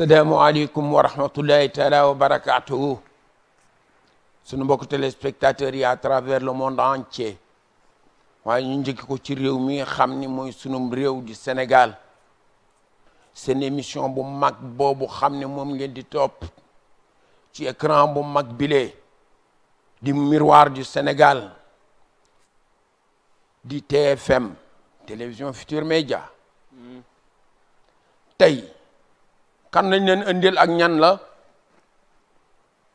alaykum wa rahmatullahi wa barakatuhu sunu des téléspectateurs à travers le monde entier ñu une Sénégal une émission bu miroir du Sénégal Du TFM télévision Futur Média mm. kan nañ leen indil ak ñan la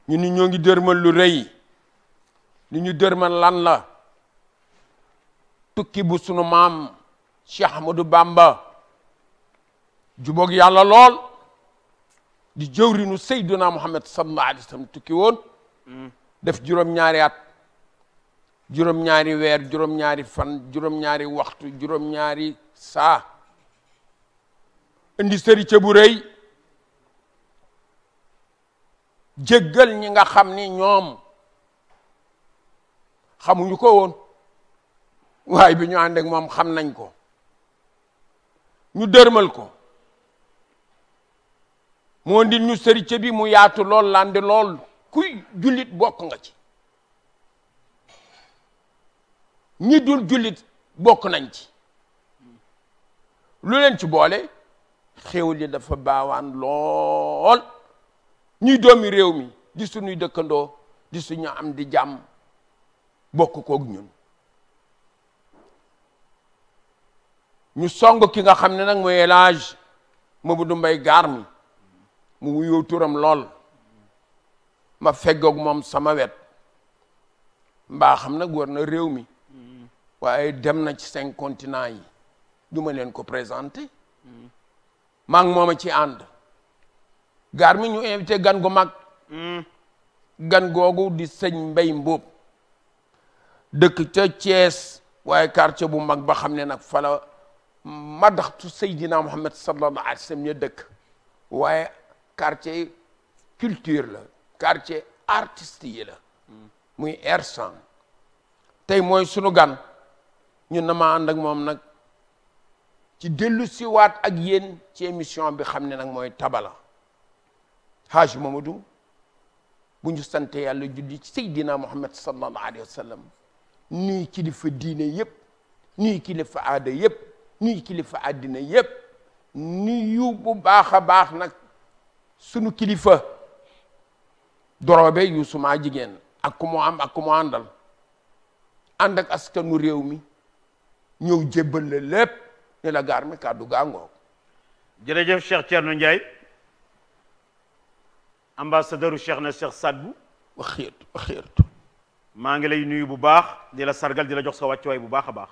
ñu ni ñoo ngi dërmal lu rëy li ñu dërmal lan la tukki bu sunu maam Cheikh Ahmadou Bamba jubook yàlla lool di jëwrinu Seyduna Muhammad sallallahu alayhi wa sallam tukki woon def juróom-ñaari at juróom-ñaari weer juróom-ñaari fan juróom-ñaari waxtu juróom-ñaari saa indi sëri ca bu rëy jëggal ñi nga xam ni ñoom xamuñu ko woon waaye bi ñu ànd moom xam nañ ko ñu dërmal ko moo ndil ñu sërice bi mu yaatu lool landi lool kuy jullit bokk nga ci ñi dul jullit bokk nañ ci lu leen ci boole xéw li dafa baawaan lool ñuy doomi réew mi di suñuy dëkkandoo di suñu am di jàmm bokk koog ñun ñu song ki nga xam ne nag mooy El Hadj Mamadou Mbaye gaar mi mu wuyoo turam lool ma feggoog moom sama wet mbaa xam na war na réew mi waaye dem na ci cinq yi du ma leen ko présenté mm. maa ngi moom a ci ànd gaar mi ñu invité gan gu mag hmm. gan googu di sëñ mbay mbóob dëkk ca Thiès waaye quartier bu mag ba xam ne nag fala madaxtu Seydina Muhammad sallallahu alayhi dëkk waaye quartier culture la quartier artiste la hmm. muy ersan tey mooy sunu gan ñu na ma ànd ak moom nag ci dellu siwaat ak yéen ci émission bi xam ne nag mooy tabala حاج مامودو بنجو سانتي يالله جودي سيدنا محمد صلى الله عليه وسلم ني كلف الدين يب ني كلف عاد يب ني كلف عدنا يب ني يوب باخ باخ نك سنو كلفة دروبه يوسف ماجيجن اكو ام اكو اندال عندك اسكنو ريومي ñew jébal la lépp ne la gaar mi kàddu gaa ngoo jërëjëf cheikh Thierno Ndiaye ambassadeur Cheikh na Cheikh Sadbou. wax xeetu wax xeetu. maa ngi lay nuyu bu baax dila la sargal dila la jox sa wàccuwaay bu baax a baax.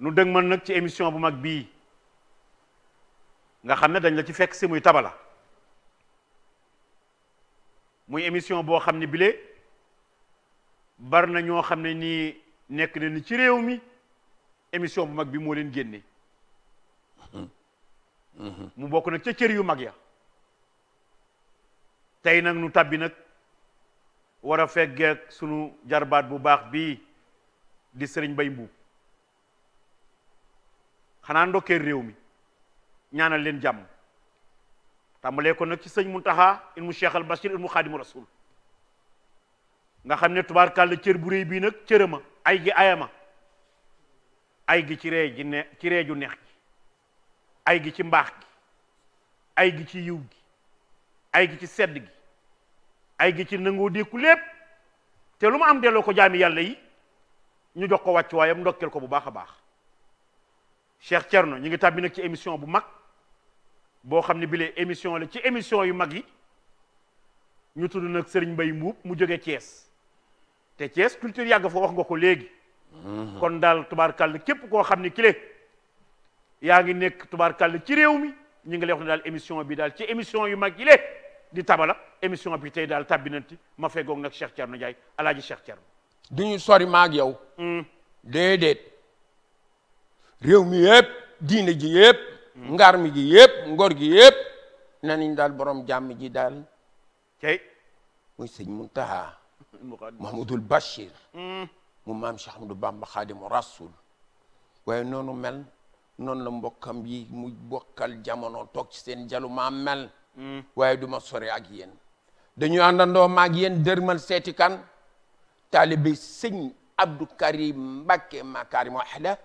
nu deug man nak ci émission bu mag bi nga xamne dañ la ci fekk ci muy tabala muy émission bo xamne ne bile na ñoo xam ne na ni ci réew mi émission bu mag bi moo leen génne. Hum, hum, hum. mu bokk nak ci cër yu mag ya. tey nag nu tabbi nag war a feggeeg sunu jarbaat bu baax bii di sëriñ bay mbuub xanaa ndokkee réew mi ñaanal leen jàmm tàmbalee ko nag ci sëñ Muntaxa ilmu Cheikh al Bachir ilmu Xaadimu Rasul nga xam ne tubaarkàlla cër bu réy bii nag cërëma ay gi ayama ay gi ci ree ci reeju neex gi ay gi ci mbaax gi ay gi ci yiw gi ay gi ci sedd gi ay gi ci nangoo dékku lépp te lu mu am delloo ko jaami yàlla yi ñu jox ko wàcc waayam ndokkeel ko bu baax a baax Cheikh Thierno ñu ngi tàbbi nag ci émission bu mag boo xam ne bile émission la ci émission yu mag yi ñu tudd nag sëriñ Mbaye Mbuub mu jóge Thiès te cees culture yàgg foo wax nga ko léegi mhm. kon daal tubaarkàll képp koo xam ne kile yaa ngi nekk tubaarkàll ci réew mi ñu ngi lay wax daal émission bi daal ci émission yu mag yi le di tabala émission bi tay dal tabinanti ma feggoog nak Cheikh tierno jay alaaji Cheikh tierno duñu ñu sori maag yow hmm dedet rew mi yeb diine ji yeb ngar mi gi yeb ngor gi yeb nani dal borom jàmm ji dal tay muy seigne Muntaha Mahmadul Bachir mu mam Cheikh Ahmadou Bamba khadim rasoul way nonu mel non la mbokam yi mu bokal jamono tok ci sen jalu ma mel waaye du ma sore ak yéen dañu àndandoo maag yéen dërmal seeti kan taalibe sëñ Abdou Karim Mbacké Makarim Wahda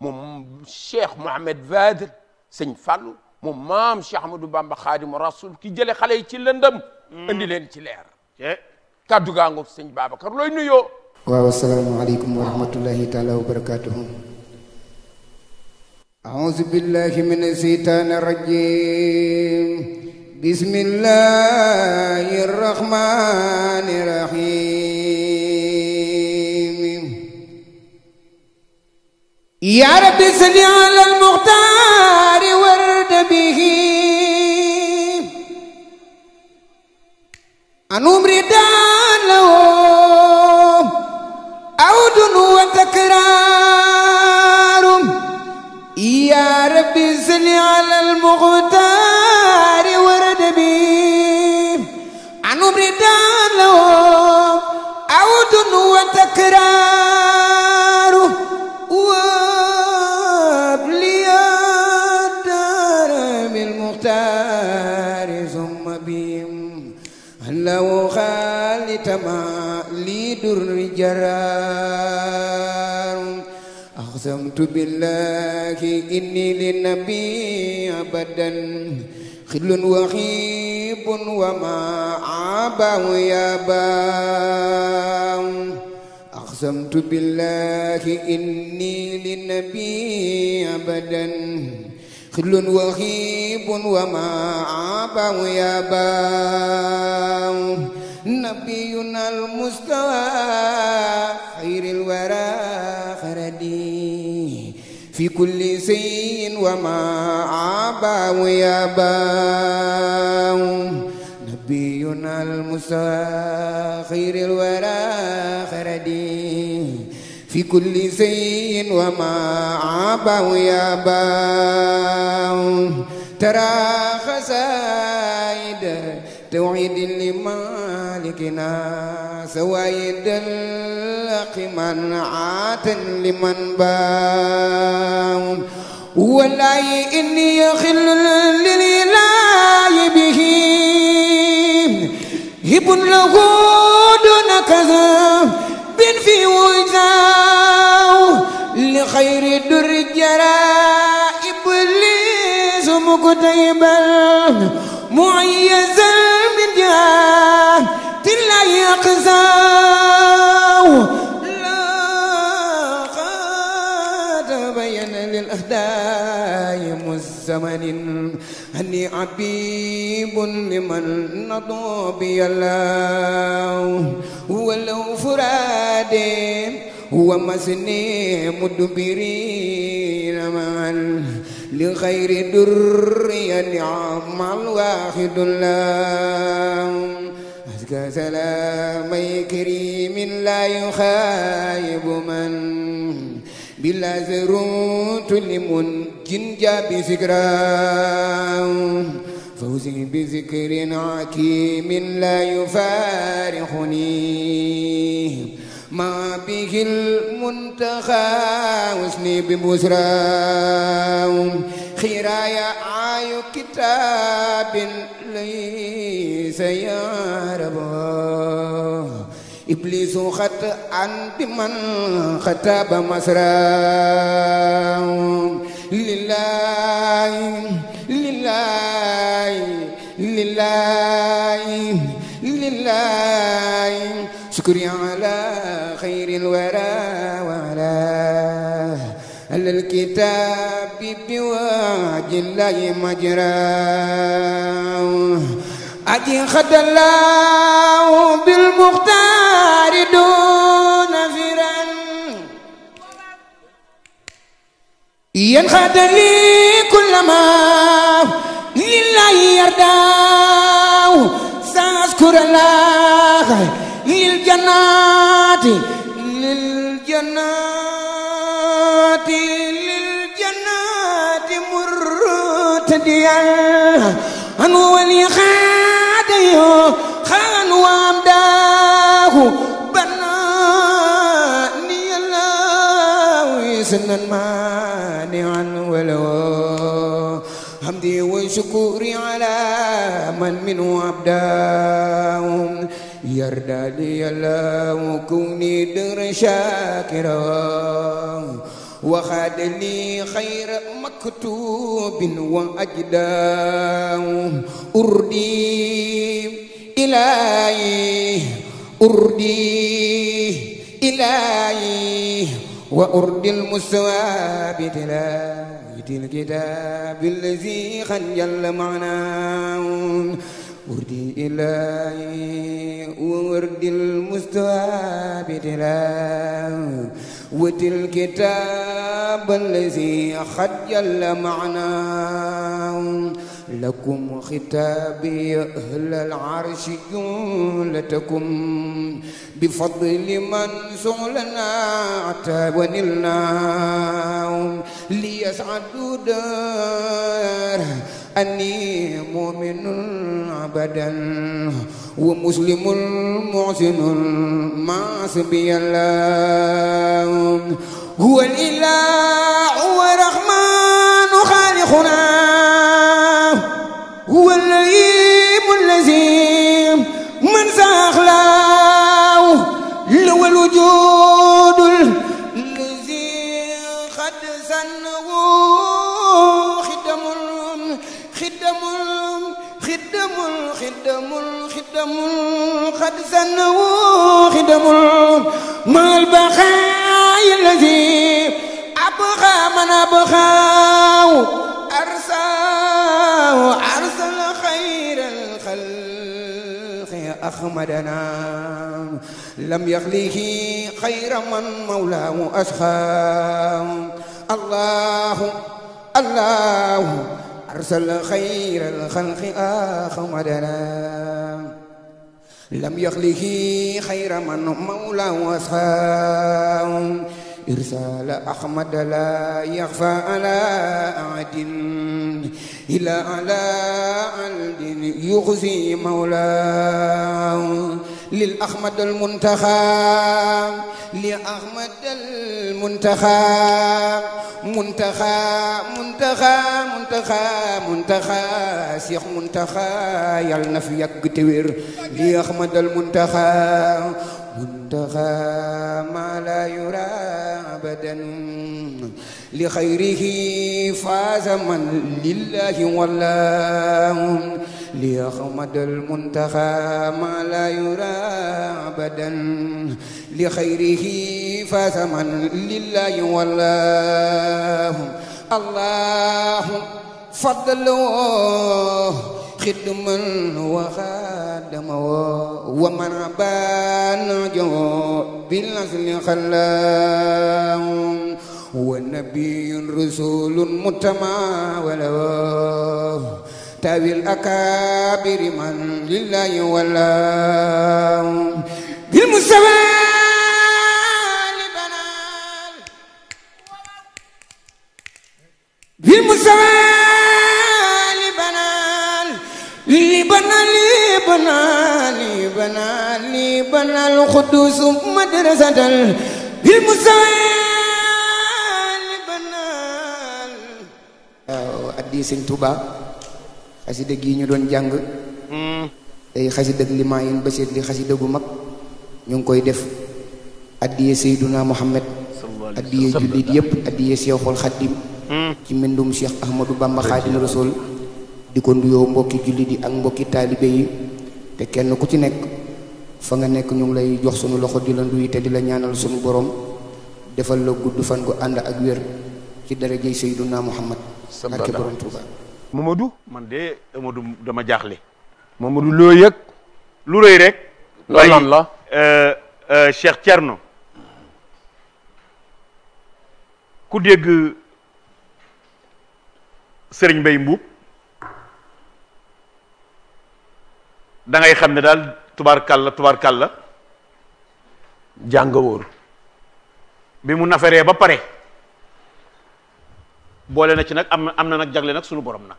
moom Cheikh Mouhamed Vadr sëñ Fallou moom maam Cheikh ki jële xale yi ci lëndëm mm. indi leen ci leer kaddu gaa ngoog sëñ Babacar looy nuyoo waaw asalaamaaleykum wa rahmatullahi taala wa barakatuhu aouzu billahi min asheytaan arrajim بسم الله الرحمن الرحيم يا رب صل على المختار ورد به أن أمرد له عود وتكرار يا رب صل على المختار وتكراره وابليا الدار بالمختار ثم بهم لو خالت ما لي جرار أقسمت بالله إني للنبي أبدا خل وخيب وما عابه يا بام أقسمت بالله إني للنبي أبدا خل وخيب وما عاب با نبينا المستوى خير الورى خردي في كل شيء وما عاب يابا نبينا المساخر خير الورى خردي في كل زي وما عابه يا باو ترى خسائد توعيد لمالكنا سوائد الحق عات لمن باو والله إني يخل للإله به هب له دون كذاب بن في وجاه لخير در جراء إبليس مكتيبا معيزا من جاه تلا يقزاه لا قد بين للأهداء مزمن هني عبيب لمن نضو بي الله ولو فرادي ومسني مدبرين من لغير در نعم الواحد الله أزكى سلام كريم لا يخايب من بلا زروت لمن جنجا بذكرى فوزي بذكر عكيم لا يفارقني ما به المنتخى وسني ببسرى خيرايا عاي كتاب ليس يا رباه إبليس خط عند من خطاب مسرا لله لله لله لله شكري على خير الورى وعلى على الكتاب بواد الله مجراه أدي خد الله بالمختار دون فرا ينخد لي كل ما لله يرداه سأذكر الله للجنات للجنات للجنات مرتديا أنو ولي خير عليه خان وعبداه بناني الله سنا مانعا ولو حمدي وشكوري على من من عبداه يرضى لي الله كوني در شاكرا وخاد لي خير مكتوب وأجداه أردي إلهي أردي إلهي وأردي المسواب تلاية الكتاب الذي خجل معناه وردي إلهي وردي المستوى بتلاه وتل الكتاب الذي خجل معناه لكم خطابي أهل العرش جولتكم بفضل من سولنا الله ليسعدوا دار أني مؤمن أبدا ومسلم محسن ما سبي الله هو الإله ورحمن خالقنا هو اللزيم من زاخلاو لو الوجود الذي خد سنو خدم خدم خدم خدم خدم خد سنو خدم ما البقاء الذي أبغى من أبغاه أرساه أخمدنا لم يغليه خير من مولاه أسخى الله الله أرسل خير الخلق أخمدنا لم يغليه خير من مولاه أسخى إرسال أحمد لا يخفى على أحد إلا على عبد يغزي مولاه للأحمد المنتخب لأحمد المنتخب منتخى منتخى منتخى منتخى سيخ منتخى يلنا في يكتوير لأحمد المنتخب منتخى ما لا يرام أبدا لخيره فاز من لله والله ليخمد المنتخى ما لا يرى أبدا لخيره فاز من لله والله الله فضله خدما وخادم ومن بان جو بالأصل خلاه ونبي رسول متماول تاوي الأكابر من لله ولا بالمستوى بالمستوى بناني بناني بنى القدوس مدرسة المسائل بنال addi sëñ Touba xasida gi ñu doon jàng tey hmm. xasida li maayin ba seet li xasida gu mag ñu ngi koy def addiye Seyduna Muhammad addiye jullit hmm. ci Cheikh Ahmadou Bamba Xaadim Rasul di ko nuyoo mbokki jullit yi ak mbokki yi te kenn ku ci nekk fa nga nekk ñu ngi lay jox sunu loxo di la nduy te di la ñaanal sunu borom defal la gudd fan gu ànd ak wér ci sayyiduna muhammad ak borom tuuba momadou man de momadou dama jaxlé momadou lo yek lu reuy rek lan la euh euh cheikh tierno ku deg serigne mbey mbou da xam ne daal tubaar tubaarkàlla tubaarkàlla la wóor bi mu naferee ba pare boole na ci nag am am na nag jagle nag suñu borom na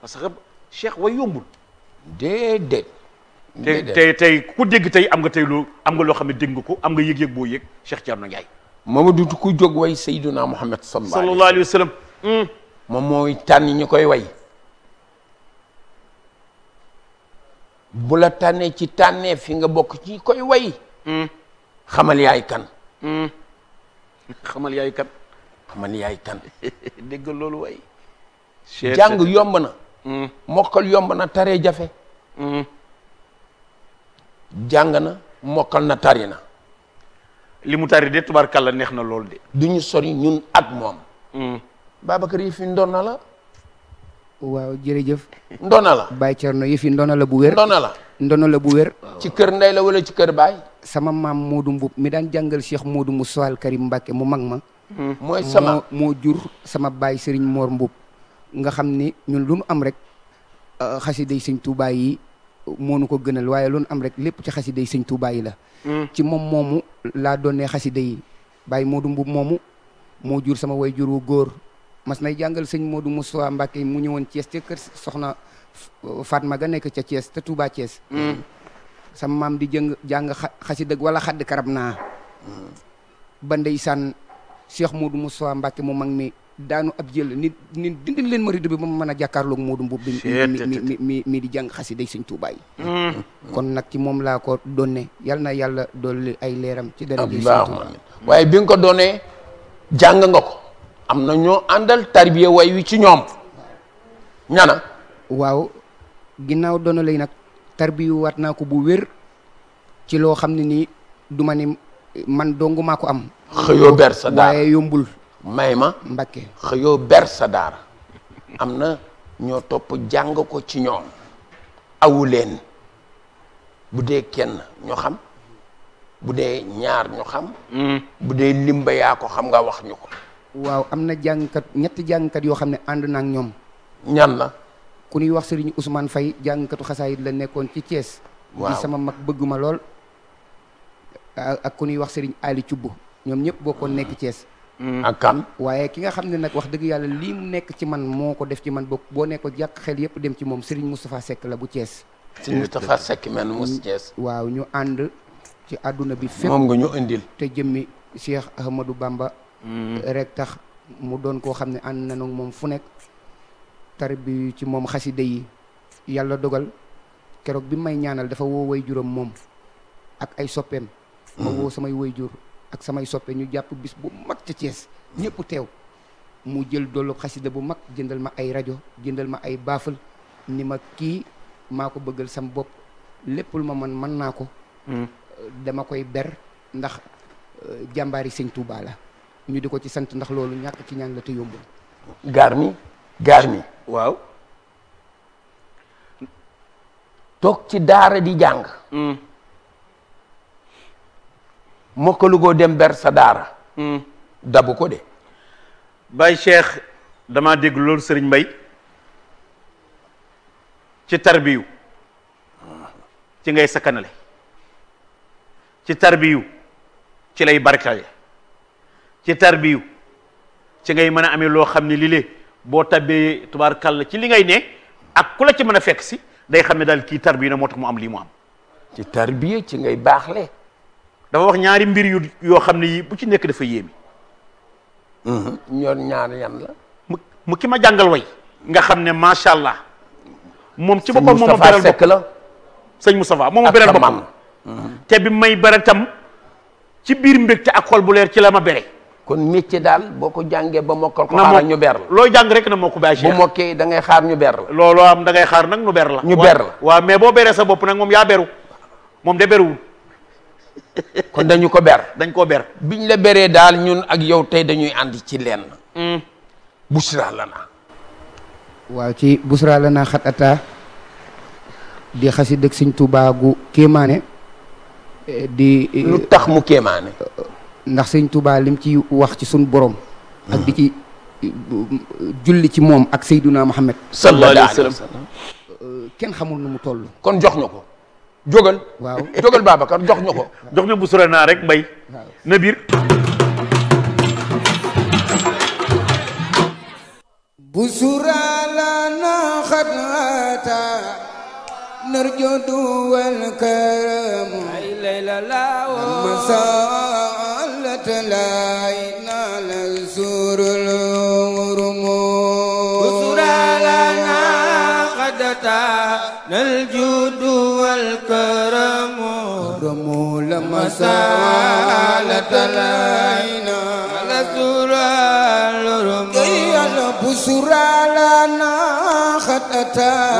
parce que cheikh way yombul déedéet tey tey tey ku dégg tey am nga tey lu am nga loo xam ne dégg nga ko am nga yëg-yëg boo yëg cheikh Thierno Ndiaye mooma dutu ku jóg way sayyiduna muhammad sallallahu alayhi wa sallam moom mooy tànn ñu koy way bu la tànnee ci tànnee fi nga bokk ci koy way hmm. hmm. xamal yaay kan xamal yaay kan xamal yaay kan dégg loolu way jàng yomb na hmm. mokkal yomb na tare jafe jàng na mokkal na tari na li mu tari de tubaarkàlla neex na lool de du ñu sori ñun ak moom Babacar yi fi ndon la waaw jërëjëf. ndona la Baye Thierno yëf yi ndona la bu wér. ndona la ndona la bu wér. ci kër ndey la wala ci kër baay. sama maam Moodu Mbub mi daan jàngal Cheikh Moodu mu soal Karim Mbacke mu mag ma. Hmm. mooy sama moo jur sama baay sëriñ Mor Mbub. nga xam ni ñun lu nu am rek euh, xasi sëñ sëñtu yi moo ko gënal waaye lu am rek lépp ci xasiday yi la. Hmm. ci moom moomu laa doonee xasida yi Baye Mbub moomu moo jur sama way jur wu góor. mas nay jangal seigne Modou Moussa mbake mu ñewon Thiès ci kër soxna Fatma ga nek ci Thiès te Touba Thiès. Hmm. sama mam di jang jàng xasida wala xadd karab naa. Hmm. ba ndeysaan Cheikh Modou Moussa mbake mu mag mi daanu ab jël nit dindil leen mu meuna jakarlo ak Modou mbub mi mi mi di jàng xasida seigne Touba hmm. kon nak ci mom la ko donne yal na yàlla dolli ay leram ci dara ji waye bi ko donné jang nga ko. am na ñoo àndal tarbiya way wi ci ñoom ñana waaw ginnaaw doona lay nag tarbiyu waat naa ko bu wér ci loo xam ne nii duma ni man dongu maa ko am xëyoo ber sa yombul may ma mbakke xëyoo ber sa am na ñoo topp jàng ko ci ñoom awu leen bu dee kenn ñoo xam bu dee ñaar ñu xam hmm. bu dee limba yaa ko xam nga wax ñu ko waaw amna na jàngkat ñetti jàngkat yoo xam ne ànd na ñoom. ñan la. ku ñuy wax Serigne Ousmane fay jàngkatu xasaayit la nekkoon ci Thiès. waaw sama mag bëgguma lool. ak ku ñuy wax Serigne Ali Thioub ñoom ñëpp bokkoon nekk Thiès. Mm. ak kan. waaye ki nga xam ne nag wax dëgg yàlla lii mu nekk ci man moo ko def ci man bokk boo nekkoon yàq xel yépp dem ci moom Serigne Moustapha la bu Thiès. Serigne Moustapha men Thiès. Mm. waaw ñu ànd ci àdduna bi. fépp moom nga ñu indil. te jëmmi Cheikh Ahmadou Bamba. Mm-hmm. rek tax mu doon koo xam ne ànd nañu moom fu nekk tarbi ci moom xasida yi yàlla dogal keroog bi may ñaanal dafa woo way juram moom ak ay soppeem ma mm-hmm. woo samay way jur ak samay soppe ñu jàpp bis bu mag ca Thiès ñëpp teew mu jël dollu xasida bu mag jëndal ma ay rajo jëndal ma ay baafal ni ma kii maa ko bëggal sam bopp léppul ma man mën naa ko mm-hmm. dama koy ber ndax euh, jàmbaari sëñ Tuubaa ñu di ko ci sant ndax loolu ñàkk ci ñaan la te yombul gaar mi gaar mi waaw toog ci daara di jàng mm. mokkalugoo dem ber sa daara mm. dabu ko de Baye Cheikh dama dégg loolu sëriñ Mbay ci tarbiyu ci ngay sakkanale ci tarbiyu ci lay barkale ci tarbiyu ci ngay mëna amé lo loo lilé bo tabé lée ci li ngay ne ak kula ci mëna fekk ci day xam dal ki tarbiyu na motax mu am li mu am ci tarbiyé ci ngay baxlé dafa wax ñaari mbir yu yo xam bu ci nekk dafa hmm ñor ñaar yan la mu ki ma way nga xamné ne sha allah mom ci bopam mom ma beral bopp la seigne Moustapha mom mhm. te bi may baratam ci bir mbégte ak xol bu leer ci la ma kon métier dal boko jangé ba mokal ko xaaral ñu ber lo jang rek na mokk bâche bu moké da ngay xaar ñu ber lolo am da ngay xaar nak ñu ber la ñu ber la waaw mais bo béré sa bop nak mom ya beru mom de beru kon dañu ko ber dañ ko ber biñ la béré dal ñun ak yow tay dañuy and ci lenn hmm. busra lana wa ci busra lana khatata di xasi dëkk seigne touba gu kemané eh, di eh, lu tax mu kemané eh, ndax seigne Touba lim ci wax ci sun borom. ak di ci julli ci mom ak sayyiduna Muhammad. sallallahu alaihi wasallam ken xamul nu mu tollu kon jox nako jógal. waaw jógal Babacar jox nako jox ñu bu sore naa rek mbay. na biir. بسرانا خدعتا نرجو الكرم لا اله الا الله علينا الجود والكرم كرم لما سالت علينا نزور الغرم بسر لنا خطتا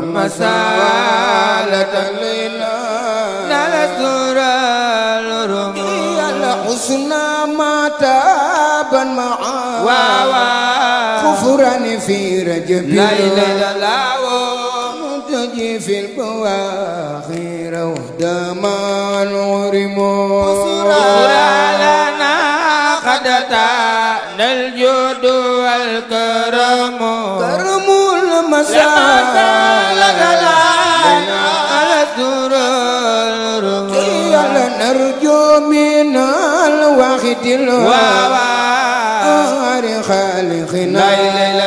مسالة لنا نلسر الرموز هي الحسنى ما تابا معا كفرا في رجب لا إله إلا تجي في البواخر وحدة ما نغرم وسرى لنا خدتان الجود والكرم كرم المسائل أرجو من الواحد الوهاب خالقنا لا إله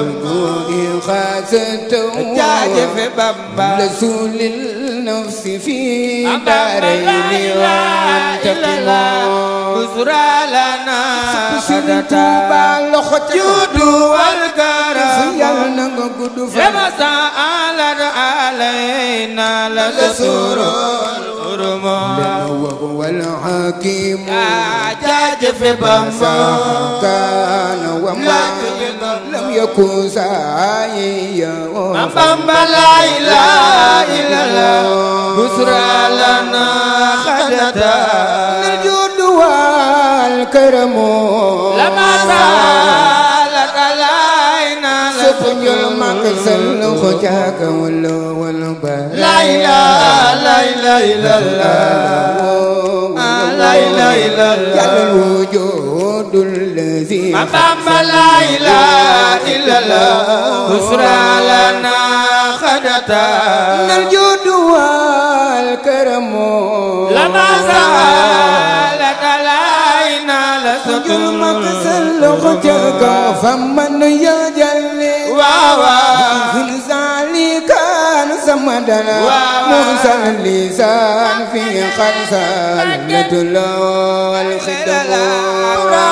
بمبوئي خاسته تعجف بمبا لسول النفس في دارين وانتقم بسرى لنا خدتا جود والكرم لما سألت علينا لسرور وهو الحكيم تاج في بمبا كان وما يكن سعيا بامبا لا إله إلا الله بسرى لنا خدتا الجود والكرم لما سالك علينا سفن المقسل خجاك والله والبا لا إله لا إله إلا الله لا إله إلا الله يا الوجود الود الذي ما بابا لا إله إلا الله بشرى لنا خدتا من الجود والكرم لما زالت علينا لست جرمك سلقتك فمن مدنا موسى اللسان في خرسان لدل والخدم لا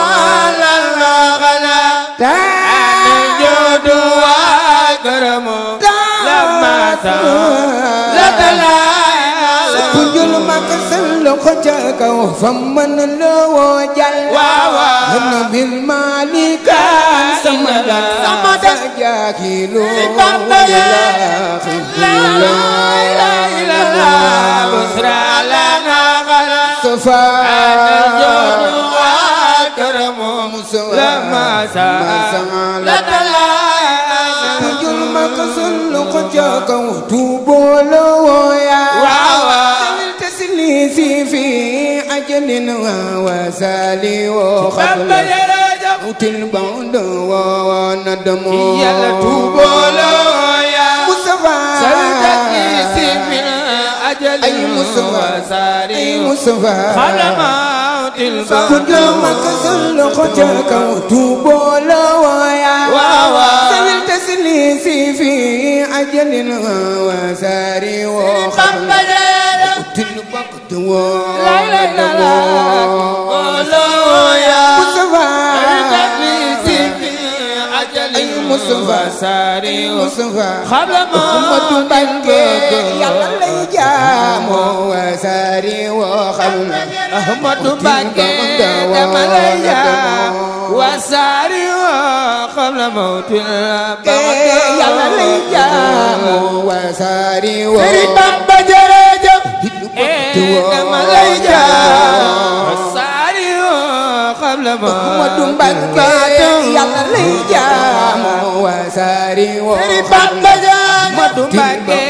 لا غلا تعالى الجود واكرم لما سال خجاك وفمن لو جل وابن بالمالك سمدا سمدا جاكيل لا لا لا بسرى لنا غلا صفا الجود وكرم لما سما لا تلا المقصد لقجاك وتوبوا له يا تسليسي في عجل وسالي وخبلا mawtil bawd wa nadam yàlla tuubolo ya Mustafa saltaki si fil ajal ay Mustafa sari ay Mustafa xala mawtil bawd ku dama kasal ko ca kaw tuubolo ya waawa salil tasli si fi ajal wa sari wa xambala mawtil bawd wa nadam Mustafa sari Mustafa xabla ma ummatu Mbakke yàlla lay jaamu wa sari wo xabla ummatu Mbakke dama lay jaamu wa sari wo xabla mawtil Mbakke yàlla lay jaamu wa sari wo Sëriñ Bamba jërëjëf eh, dama lay jaamu wa sari wo xabla mawtil Mbakke yàlla lay jaamu woo Sëriñ Bamba Jaañ Madu Mbàkke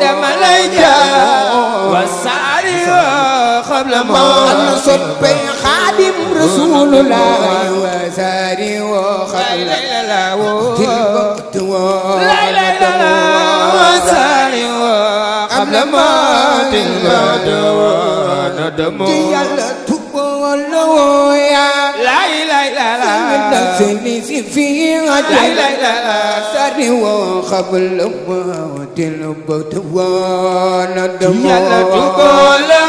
dama lay jaam wa saari woo xabla moo ana soppe xaadim rasulullah wa saari woo xabla la woo la la la wa saari woo xabla moo til ma doo na damoo ti yàlla tubboo la woo yaa سنيسي في عجل سري وخبل وتلبت وندم يلا تقول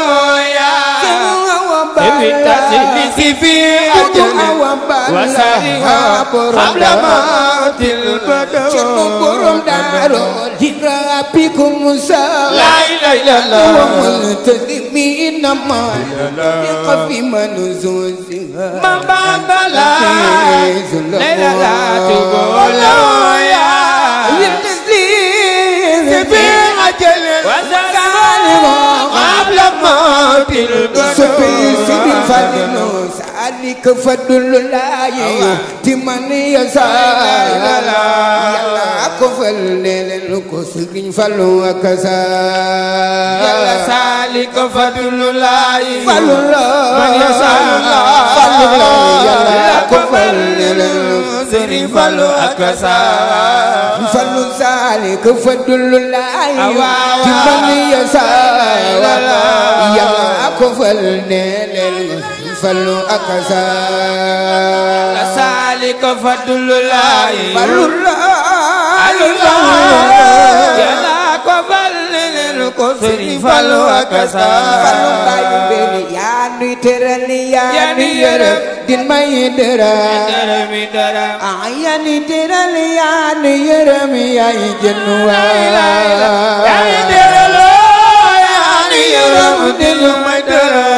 بالتسليس في أجل وسهاب قبل موت البدو شنكرم دار لربكم سهاب لا إله إلا الله وملتزمين ما يلقى في منزوزها ما بعد لا لا لا تقول يا للتسليس في أجل وسهاب قبل موت البدو سبي سيدي فاني نوسا ذلك فضل الله يؤتمن يشاء يلا كفل للكسر فلو كسا يلا سالك فضل الله فلو من يشاء فلو يلا كفل للكسر فلو كسا فلو سالك فضل الله يؤتمن يشاء يلا كفل للكسر fallu ak saa saalika fadlulaay fadlulaay yàllaa ko fal leneen ko sëriñ fallu ak saa fallu bàyyi mbéy yaa nuy tëral yaa nuy yërëm din may dërëm ah, yaa nuy tëral yaa nuy yërëm yaay jën waay yaa nuy tëral yaa nuy yërëm din may dërëm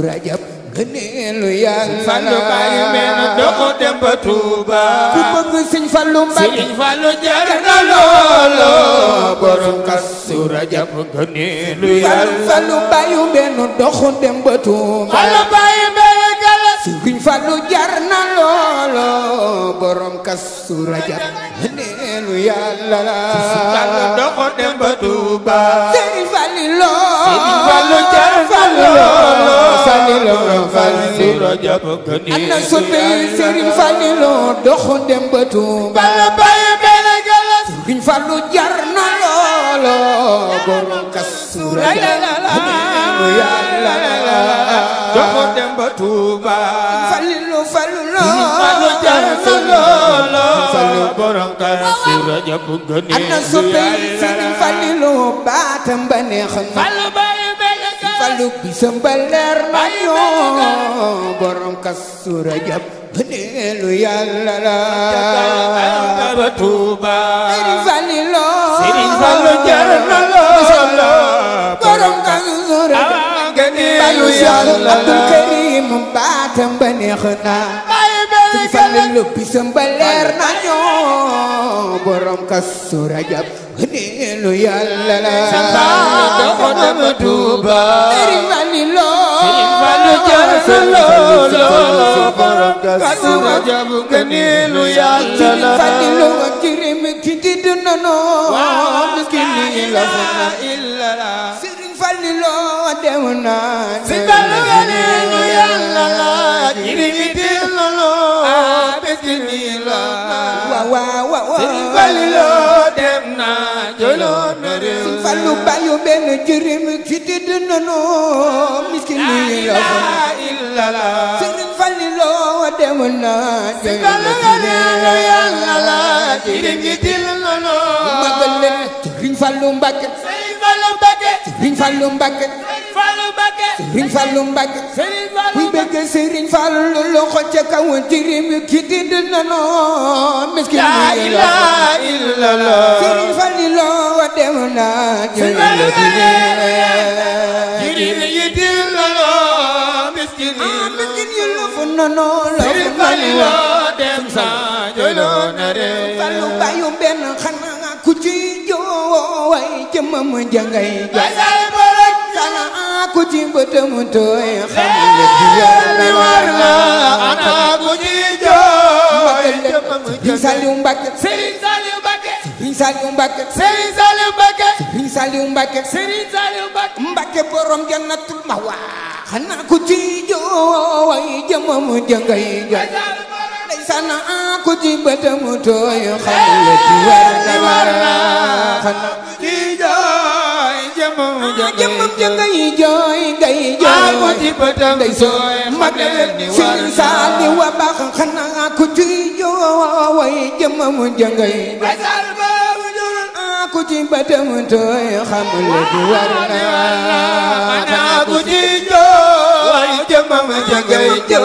rajab gëneelu yàlla fallu bàyyi mel na doxu dem ba Tuuba ku bëgg Sëñ Fallu Mbàkke Sëñ Fallu jar na loolo borom kasu rajab gëneelu yàlla fallu bàyyi mel na doxu dem ba Tuuba fallu bàyyi mel na gala Sëñ Fallu jar na loolo borom kasu rajab jaamu yàlla la. Sukkandu doxo dem ba Tuuba. Sëriñ Fallilu. Sëriñ Fallu jar Fallilu. am na soppi Sëriñ Fallilu doxo dem ba Tuuba. bala bàyyi benn galas. Sëriñ Fallu jar na loolo. borom kasu la jaamu yàlla la. doxo dem ba Tuuba. Fallilu Fallilu. ana soppey Sëriñ Falilu baatam ba neex na falu bisam ba leer na ñoo borom Kazu Rajab bëneelu yàlla la ba Tuuba Sëriñ Falilu Sëriñ Falilu jar na loola borom Kazu Rajab bëneelu yàlla la Abdul Karim baatam ba neex na sëñ Falilu bisam ba leer nañu borom Kazu Rajab nilu yàlla la samba Tuuba sëñ Falilu sëñ Falilu jàll loolo borom Kazu Rajab nilu yàlla la sëñ Falilu jirim ki di dundono miskini la illa la sëñ Falilu dem naa sëriñ Fallu dem na jëloon na réew sëriñ Fallu bayu benn jërim fi tëdd nanu miskin ni la illa la sëriñ Fallu dem na jëloon na réew yàlla la jërim gi til nanu magal leen sëriñ Fallu Mbàkke sëriñ Fallu Mbàkke Serigne Fallou Mbacké. Serigne Fallou Mbacké. kuy bëgg Serigne Fallou loxo ca kaw jirim ki dind na noo la ilaha illallah Serigne Fallou wa yi dind na miskin yi lofu na noo lofu na noo dem sa na re Fallou bayu benn xanaa jëmmam jangay jaay saay bërëg xanaa ku ci bëtam tooy xam ne di war la xanaa ku ci jooy jëmmam jangay Saliou Mbacké Serigne Saliou Mbacké Serigne Saliou Mbacké Serigne Saliou Mbacké Serigne Saliou Mbacké Serigne Saliou Mbacké Mbacké borom jannatul mahwa xanaa ku ci jooy jëmmam jangay jaay xanaa ku ci bëtam tooy xam la ci war na ah, ah, ku ci bëtam tooy mag sin saali wa baax ku ci jooy ah, tooy xam la ci war na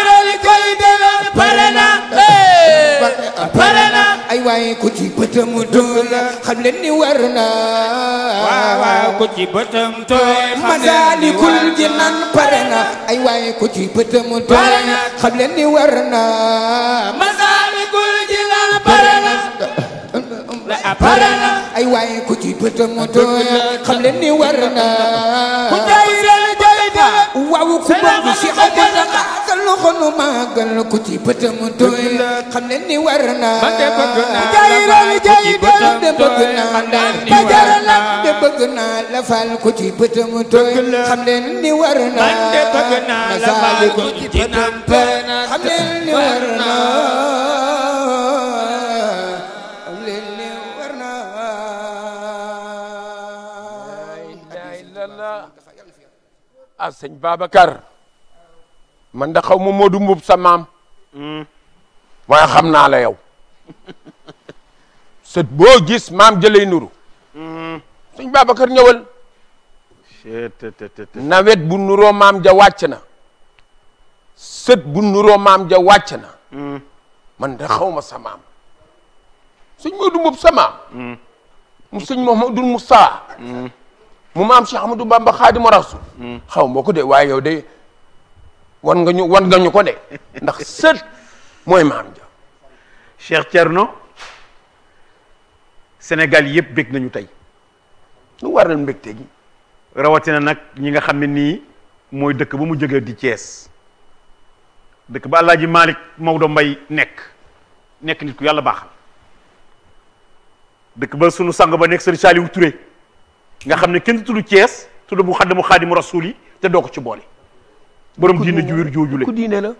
waay ku ci bëtam doy xam leen ni war na waaw ay waay ku ci bëtam doy xam ni war na Masaalikul Jinaan pare na pare ay waay ku ci bëtam doy ni war màggal ku ci bëtam doy xam leen ni war naa jaayiraani jaayiraani de bëgg naa daal bajara la de bëgg naa la fal ku ci bëtam doy xam leen ni war naa la fal ku ci bëtam doy xam leen ni war naa a ah, sëñ Babacar man da xaw ma Modou Mbuub sa maam. Hmm. waaye xam naa la yow. sët boo gis maam jëlay nuru. Hmm. suñ Babacar ñëwal. nawet bu nuroo maam ja wàcc na. sët bu nuroo maam ja wàcc na. man da xaw ma sa maam. suñ Modou Mbuub sa maam. mu sëñ Mouhamadou Moussa. mu maam Cheikh Ahmadou Bamba Xaadimu Rasuul. xaw ma ko de waaye yow de. wan nga ñu wan nga ñu ko de ndax sët mooy maam ja Cheikh Thierno Sénégal yëpp bég nañu tey lu waral mbégte gi rawatina nag ñi nga xam ne nii mooy dëkk ba mu jógee di cees dëkk ba Alaaji Malick Maodo Mbaye nekk nekk nit ku yàlla baaxal dëkk ba sunu sang ba nekk sëñ Saliou Touré nga xam ne kenn tudd Thiès tudd bu xadd mu xaadimu rasuul yi te doo ko ci boole borom diine ju wér jooju la ku diine la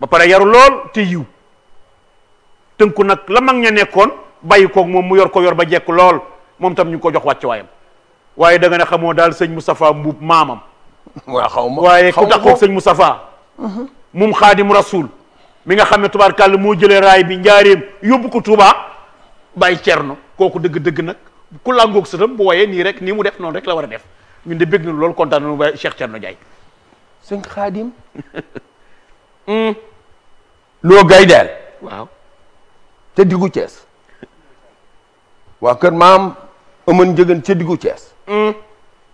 ba pare yaru lool te yiw tënku nag la mag ña nekkoon bàyyi kook moom mu yor ko yor ba jekk lool moom tam ñu ko jox wàcce waayam waaye da ne xamoo daal sëñ Moustapha Mbuub maamam waaw xaw ma waaye ku daqoog sëñ Moustapha mhm. moom xaadim rasul mi nga xam ne tubaarkàll moo jëlee raay bi njaareem yóbbu ko Touba bàyyi cerno kooku dëgg-dëgg nag ku làngoog sëtam bu wayee nii rek nii mu def noonu rek la war a def ñun de bég na loolu kontaan nañu Cheikh Cerno jay sëñ xaadim hmm. loo gay deel waaw diggu Cees waa kër maam ëmën njëgën ca diggu Cees hmm.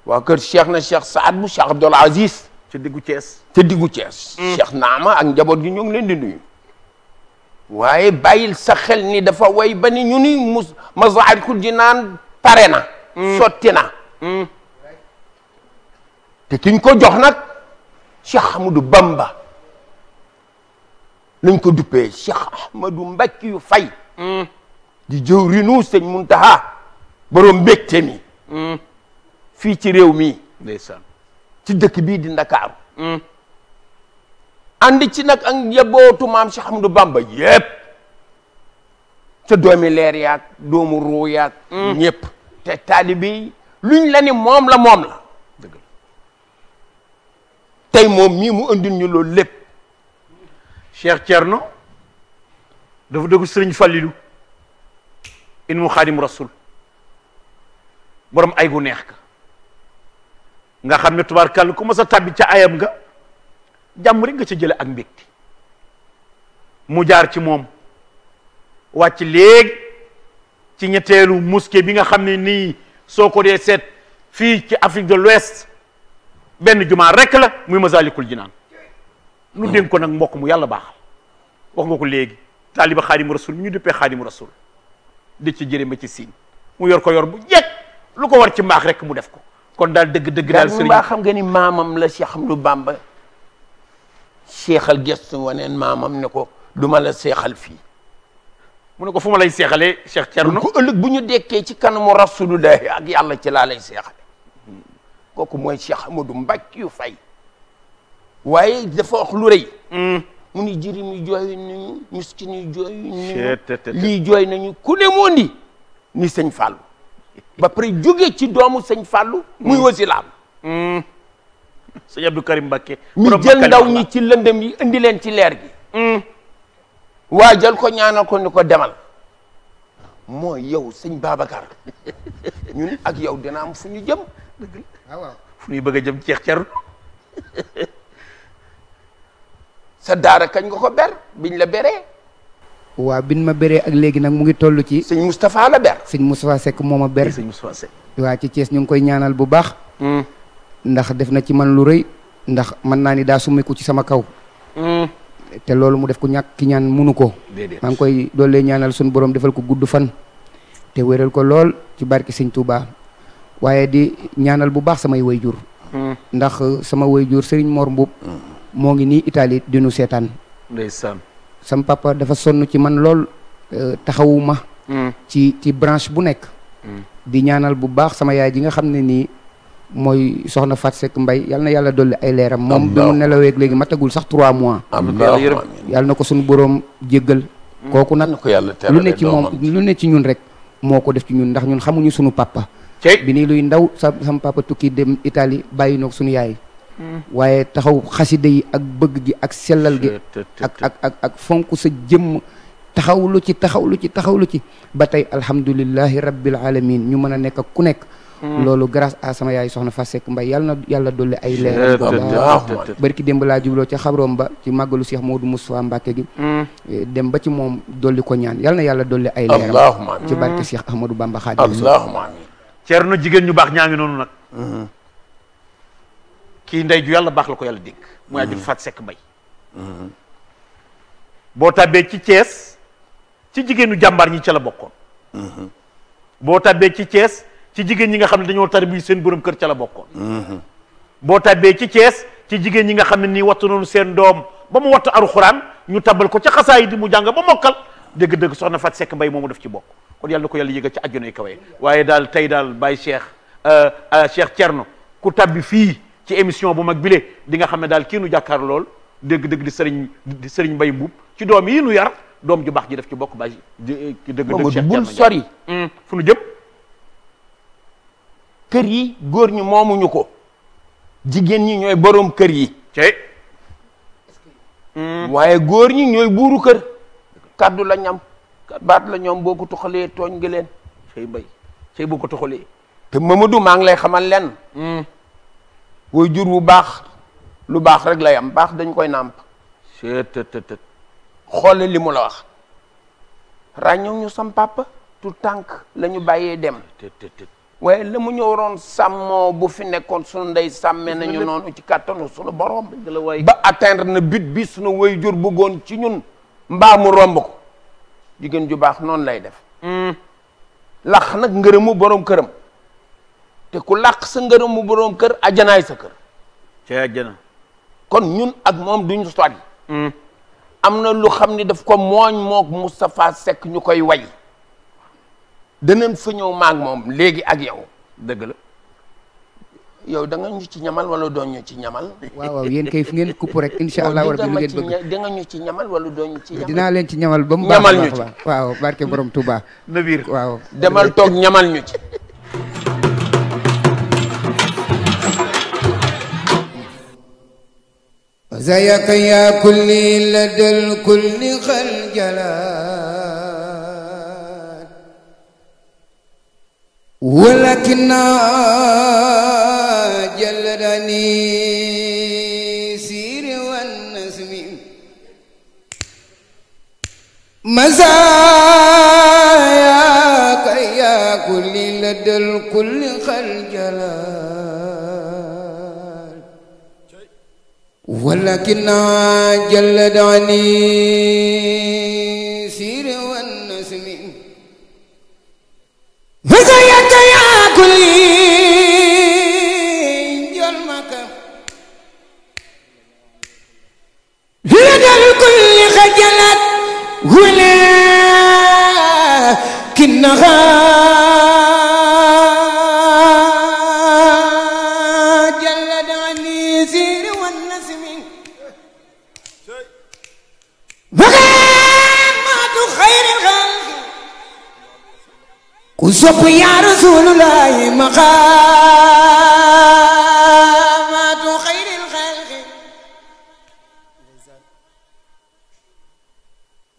waa kër cheikh na cheikh saad bu cheikh abdul aziz ca diggu Cees ca diggu Cees hmm. naama ak njaboot gi ñoo ngi leen di nuyu waaye bàyyil sa xel ni dafa way ba ni ñu ni mus masaarikul jinaan pare na sotti na te kiñ ko jox nag Cheikh Ahmadou Bamba lañ ko duppee Cheikh Ahmadou yu Faye hmm. di jëwrinu sëñ Muntaha borom mbégte mi hmm. fii ci réew mi ndeysaan ci dëkk bii di Ndakaaru andi hmm. ci nag ak njabootu maam Cheikh Ahmadou Bamba yépp te doomi leer yaag doomu ruu yaag te taalibe yi luñ la moom la moom la tey moom mii mu andil ñu loolu lépp Cheikh Thierno dafa dëgg sëriñ Fallilou in mu xaadim rasul borom ay gu neex ka nga xam ne tubaarkàll ku mas a tàbbi ca ayam nga jàmm nga ca jële ak mbégte mu jaar ci moom wàcc léegi ci ñetteelu mosquée bi nga xam ne nii soo ko dee seet fii ci Afrique de l'Ouest ben juma rek la muy mazalikul jinan nu dénk ko nag mbokk mu yàlla baaxal wax nga ko legi talib khadim rasul ñu duppee khadim rasul di ci jëre ma ci sin mu yor ko yor bu jek lu ko war ci mbax rek mu def ko kon dal deug deug dal serigne mbaa xam nga ni mamam la Cheikh amdou Bamba cheikhal gestu wonen mamam ne ko duma la cheikhal fi mu ne ko fuma lay cheikhale Cheikh Thierno ko ëllëg bu ñu dekkee ci kanamu rasulullah ak yàlla ci la lay cheikhale kooku mooy Cheikh Amadou Mbackiou fay waaye dafa lu rëy hmm. mu ni jirim yi jooy nañu miskin yi jooy ndi ni sëñ Fallou ba pare jóge ci doomu sëñ Fallou muy hmm. wasilaam hmm. sëñ Abdou Karim Mbacké mi jël ndaw ñi ci lëndëm yi indi leen ci leer gi waa jël ko ñaanal ko ni ko demal mooy yow sëñ Babacar ñun ak yow dina am fu ñu jëm waaw fu ñuy bëgg jëm ceex ceru sa daara kañ nga ko ber biñ la béré wa biñ ma béré eh, ak légui nak mu ngi tollu ci seigne mustapha la ber seigne mustapha sek moma ber seigne mustapha sek wa ci Thiès ñu ngi koy ñaanal bu baax hmm. ndax def na ci man lu reuy ndax man ni ci sama kaw hmm. té loolu mu def ko ñak ki ñaan mënu ko maa ngi koy dolé ñaanal suñu borom defal ko guddu fan té wéral ko lool ci barki seigne Touba waye di ñaanal bu baax samay wayjur hmm. ndax sama wayjur Serigne Mor Mbuub mo ngi ni Italie di nu setan ndeysaan sam papa dafa sonu ci man lol euh, taxawuma hmm. ci ci branche bu nek hmm. di ñaanal bu baax sama yaay ji nga xamne ni moy soxna Fat Seck Mbay yalla na yalla dolli ay leram mom bi mu nelaweeg léegi matagul sax 3 mois yàlla na ko suñu boroom lu ne ci mom lu ne ci ñun rek moko def ci ñun ndax ñun ñu suñu papa bi ni luy ndaw sa sam papa dem Italie bàyyi noog suñu yaay hmm. waaye taxaw xasida yi ak bëgg gi ak sellal gi ak ak ak ak fonk sa jëmm taxawlu ci taxawlu ci ci ba tey alhamdulilahi rabbil alamin ñu mën a nekk ku nekk hmm. loolu grâce à sama yaay soxna fa Seck mbay yàlla na yàlla dolli ay leer barki démb laa jubloo ca xabroom ba ci màggalu Cheikh Modou Moustapha Mbacke gi hmm. eh, dem ba ci moom dolli ko ñaan yàlla na yàlla dolli ay leer ci barke Cheikh Ahmadou Bamba Khadim allahumma amin cerno jigen ñu bax ñangi nonu nak nag mhm. kii ndey ju yalla bax la ko yàlla dénk muy ajul mhm. sek bay mbay mhm. bo tàbbee ci ties ci jigenu jambar ñi ci la bokkoon bo tàbbee ci ties ci jigen ñi nga xamni dañoo tarbi seen borom kër ci la bokkoon bo tàbbee ci ties ci jigen ñi nga xamni ni watu nonu seen dom ba mu watu alquran ñu tabal ko ci xasaay di mu jang ba mokal deug deug soxna Fat sek bay momu daf ci bokkon kon yalla nako yalla yàlla yëgal ci àjjana e yi dal waaye dal tey daal Baye Cheikh euh, euh, Cheikh tierno ku tabbi fi ci émission bu mag bilé di nga xamné dal ki nu jàkkaar lol deug deug di serigne di serigne Mbaye mbub ci dom yi nu yar dom ju bax ji def ci bokk ba deug deug Cheikh bul sori hmm, fu nu jëm kër yi ñu momu ñu ko jigen ñi ñoy borom kër yi cey hmm. waaye gor ñi ñoy buru kër kaddu la ñam kat baat la ñoom boo ko tuxalee tooñ nga leen say mbay say boo ko tuxalee te Mamadou maa ngi lay xamal lenn hmm. woy jur wu baax lu baax rek lay am baax dañ koy nàmp seettëtët xoole li mu la wax ràññoo ñu sam papa tout tànk la ñu bàyyee dem waaye la mu ñëw waroon sàmmoo bu fi nekkoon sunu ndey sàmmee nañu noonu ci kàttanu sunu borom ba atteindre na bit bi sunu woy jur bëggoon ci ñun mbaa mu romb ko jigéen ju baax noonu lay def hmm. làq nag mu boroom këram te ku làq sa mu boroom kër ajanaay sa kër ci ajana kon ñun ak moom duñ sori hmm. am na lu xam ni daf ko mooñ mook Moustapha sekk ñu koy way danañ fa ñëw maag moom léegi ak yow dëgg yow da nga ñu ci ñamal wala doon ñu ci ñamal. waaw waaw yéen kay fu ngeen kupp rek incha allah war bi lu ngeen bëgg. da nga ñu ci ñamal wala doon ñu ci ñamal. dinaa leen ci ñamal ba mu baax ñamal ñu ci waaw barke borom Touba. Nabir waaw demal toog ñamal ñu ci. زيك يا كل لدى الكل خلجلات ولكن والتنيسير والنسم مزاياك يا كل لدى الكل خلجلال ولكن جلد عني سير والنسم مزايا يا كل sopp yaa rasulullahi maqaamatu xayril xalqi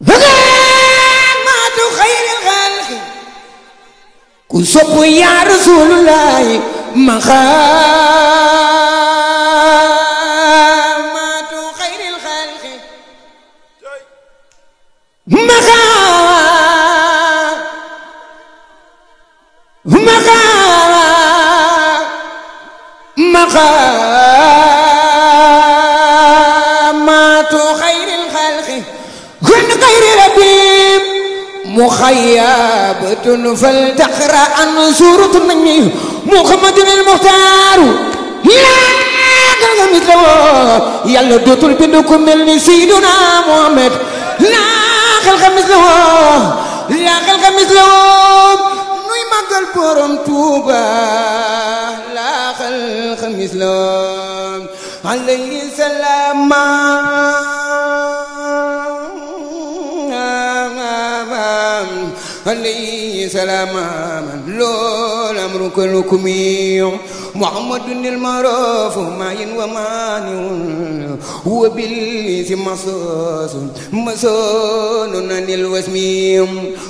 maqaamatu xayril xalqi ku sopp yaa rasulullahi maqaamatu خيابة فلتقرأ عن سورة مني محمد المختار لا كان مثله يا دوتل بنكم من سيدنا محمد لا خلق مثله لا خلق مثله نوي مقل بورم توبا لا خلق مثله عليه السلام عليه من لول أمر كلكم محمد المعروف معين نون هو بالاسم مصوص مصون عن الوسم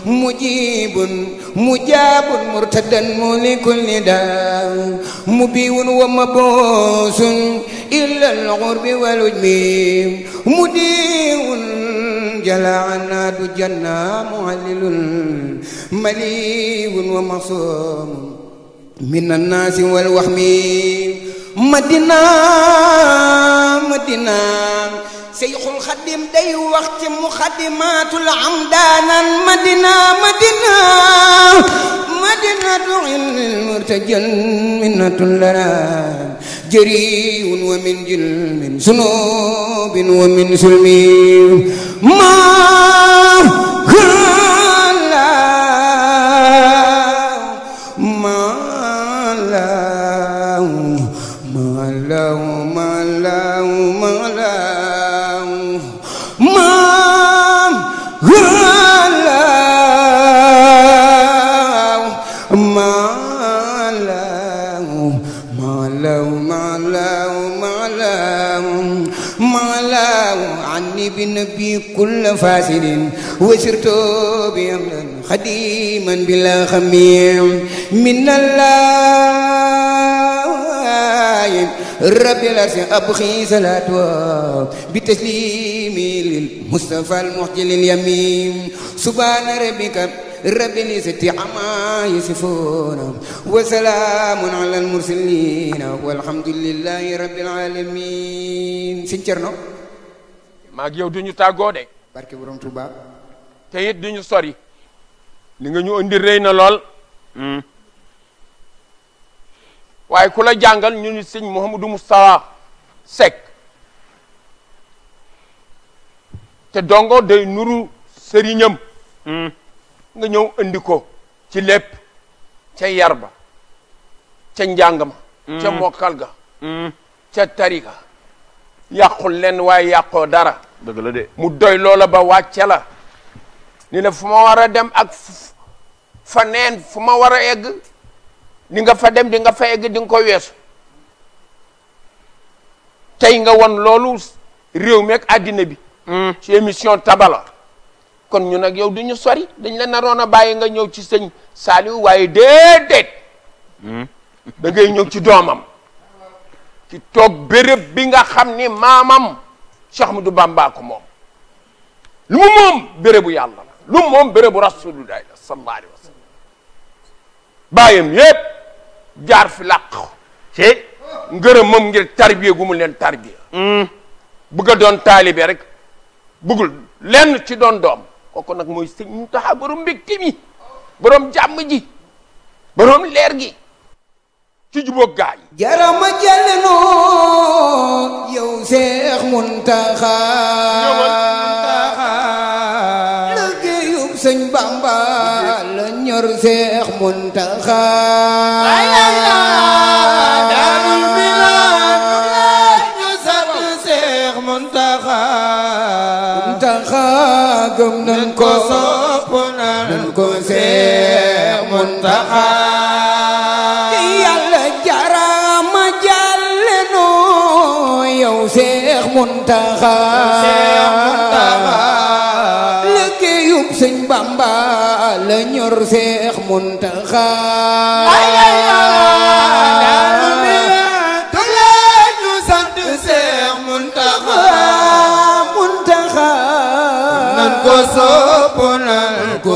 مجيب مجاب مرتدا لكل داء مبي ومبوس إلا الغرب والوجم مديع جلا عنا دجنا مهلل مليء ومصوم من الناس والوهم مدينة مدينة شيخ الخدم دي وقت مخدمات العمدان مدينة مدينة مدينة علم منة لنا جريء ومن جلم ذنوب ومن سلم ما فاسد وسرت خديما بلا خميم من الله رب العرش أبخي صلاة بتسليم للمصطفى المحجي اليمين سبحان ربك رب العزة عما يصفون وسلام على المرسلين والحمد لله رب العالمين سنترنو ماك يو دوني تاغو barke borom Touba. te sori. li nga ñu indi rëy na lool. Hmm. waaye ku la jàngal ñu ni sëñ Mouhamadou Moustapha sek te dongo day nuru sëriñam hmm. nga ñëw indi ko ci lépp ca yarba ba ca njàng ma hmm. ca ga ca tarika yàqul leen waay yàqoo dara dëgg mu doy loola ba wàcce la ni la fu ma war a dem ak fa neen fu ma war a egg ni nga fa dem di nga fa egg di ko weesu tey nga won loolu réew mi ak àddina bi hmm. ci émission tabala kon ñu nag yow du ñu sori dañ la naroon a bàyyi nga ñëw ci sëñ Saliou waaye déedéet hmm. da ñëw ci doomam ci toog béréb bi nga xam ni maamam Cheikh Ahmadou Bamba ko moom lu mu moom bérébu yàlla la lu mu moom bérébu rasulullahi la sallallahu alayhi wa sallam bàyyam yépp jaar fi làq ci ngërëm moom ngir tarbiye gu mu leen tarbiye hmm. bëgg doon taalibe rek bëggul lenn ci doon doom kooku nag mooy sëñ Muntaxa borom mi borom jàmm ji borom leer gi ci jubóog gaay jarama jëlnoo yow seex muntaxa liggéeyub sëñ bamba la ñor seex muntaxa daarul milaan seex muntaxa muntaxa gëm nañ Muntaxa liggéeyub Sëñ Bamba la ñor Seex Muntaxa ko sopp na ko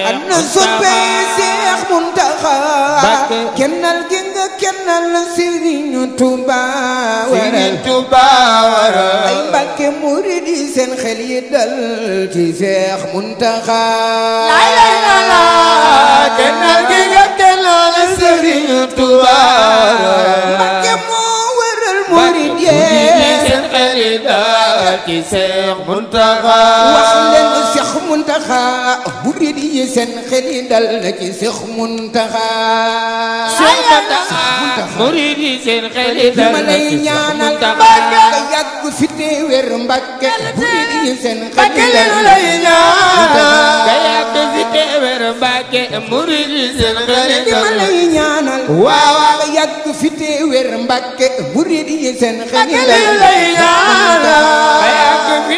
soppe Seex Muntaxa kennal gi nga kennal Serigne Touba Serigne Touba waral ay Mbàkke murid yi seen xel yi dal ci Seex Muntaxa la la la la kennal gi nga kennal Serigne Touba Mbàkke moo waral murid yi seen xel yi dal ci Seex Muntaxa muntaxa murid yi seen xel yi dal na ci Seex muntaxa murid yi seen xel yi dal na ci Seex muntaxa yàgg fi te wér Mbàkke murid yi seen xel yi dal na ci Seex muntaxa yàgg fi te wér Mbàkke murid yi seen xel yi dal na ci ñaanal waaw yàgg fi te wér Mbàkke murid yi seen xel yi dal na ci Seex muntaxa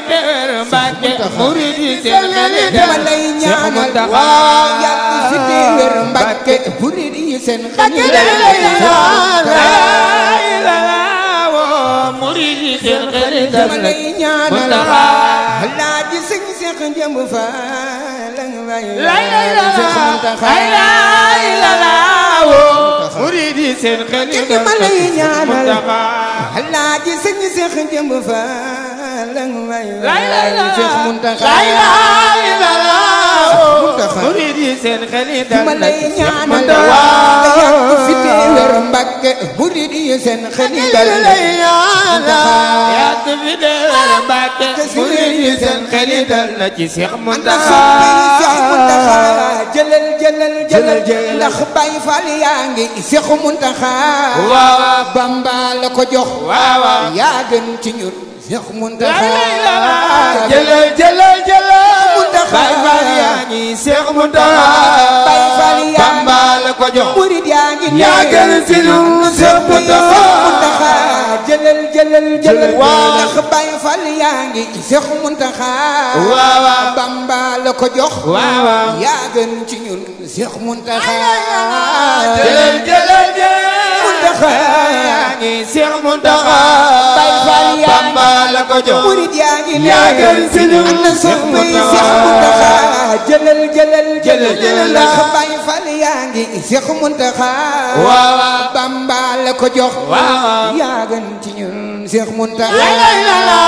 dëwër Mbàkke murid yi seen xel dama lay ñaanal waaw yàlla si dëwër Mbàkke murid yi seen xel dama lay ñaanal murid yi seen xel dama lay ñaanal laa ji sëñ Seex jëm fa lay lay murid yi seen xel dama lay ñaanal laa ji sëñ Seex jëm fa ma lay ñaanal waaw fi te wér Mbàkke murid yi seen xel yi dal na ci Cheikh Mountakha jëlal jëlal jëlal ndax Baye yaa ngi Cheikh Mountakha Bamba la ko jox waaw yaa gën ci ñun Cheikh Mountakha jëlal jëlal jëlal Mountakha Baye Fall yaa ngi Cheikh Mountakha Baye Fall yaa ngi Bamba la ko jox murid yaa ngi yaa gën si lu Cheikh Mountakha jëlal jëlal jëlal waaw ndax Baye Fall yaa ngi Cheikh Mountakha waaw Bamba la ko jox waaw yaa gën ci ñun Cheikh Mountakha jëlal jëlal jëlal Mountakha yaa ngi Cheikh Mountakha yaa la ko jox murid yaa ngi ne yaa gën si ñun am na soxna may Seex Muntaxa jëlal jëlal jëlal jëlal Baay Fall yaa ngi Seex Muntaxa waaw Bamba la ko jox waaw yaa gën ci ñun Seex Muntaxa la la la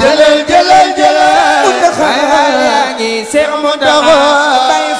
jëlal jëlal jëlal Muntaxa yaa ngi Seex Muntaxa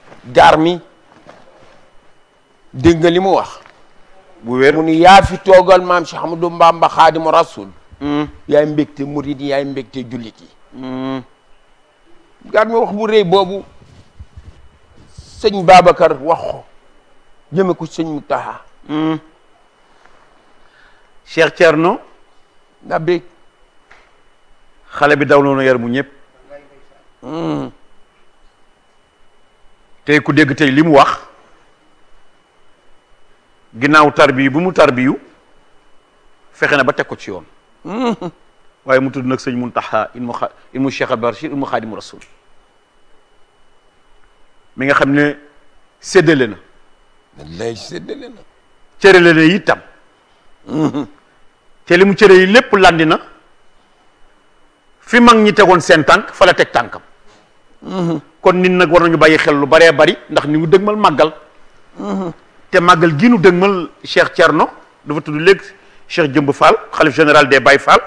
gaar mi dégg nga li mu wax. bu wér mu ni yaa fi toogal maam Cheikh Ahmadou Bamba Xaadimu Rasul. Hmm. yaay mbégte murid yaay mbégte jullit yi. Hmm. wax bu rëy boobu sëñ Babacar wax ko jëme ko sëñ Mountakha. Hmm. Cheikh Thierno. ndax bi xale bi daw na woon mu ñëpp. tey ku dégg tey li mu wax ginnaaw tarbiyu bu mu tarbiyu fexe na ba teg ko ci yoon waaye mu tudd nag sëñ Muntaxa ilmu xa ilmu Cheikh Bachir ilmu Xaadimu Rasul mi nga xam ne séddale na. wallaay séddale na. cërale na itam. te li mu cëre yi lépp landi na fi mag ñi tegoon seen tànk fa la teg tànkam. kon nit nag war nañu bàyyi xel lu baree bari ndax ni mu dëgmal màggal te màggal gi nu dëgmal Cheikh Thierno dafa tudd léegi Cheikh Jëmb Fall xalif général des Baye Fall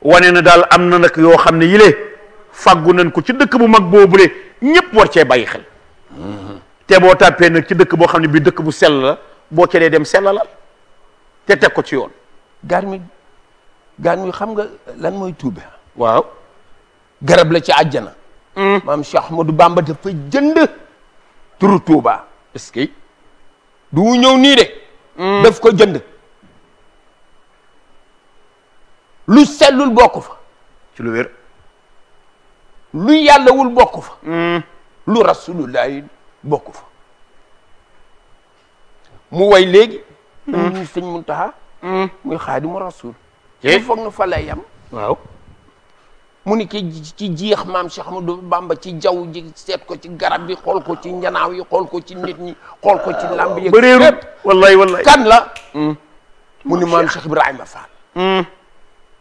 wane na daal am na nag yoo xam ne yile fàggu nañ ko ci dëkk bu mag boobule ñépp war cee bàyyi xel te boo tàppee nag ci dëkk boo xam ne bii dëkk bu sell la boo ca dem dem la te teg ko ci yoon gaan mi xam nga lan mooy tuube waaw garab la ci àjjana hmm. maam Cheikh Ahmadou Bamba dafa jënd turu Touba est-ce que du ñëw nii de hmm. daf ko jënd lu sellul bokk fa ci lu wér lu yàllawul bokk fa hmm. lu rasulullahi bokk fa mu way léegi ñu sëñ Muntaxa muy xaadimu rasul eh. foog na fa lay yam mu ni ki ci jiix maam Cheikh Ahmadou Bamba ci jaww ji seet ko ci garab bi xool ko ci njanaaw yi xool ko ci nit ñi xool ko ci lamb yi bëreerul wallahi wallahi kan la hmm. mu ni maam Cheikh Ibrahima Fall hmm.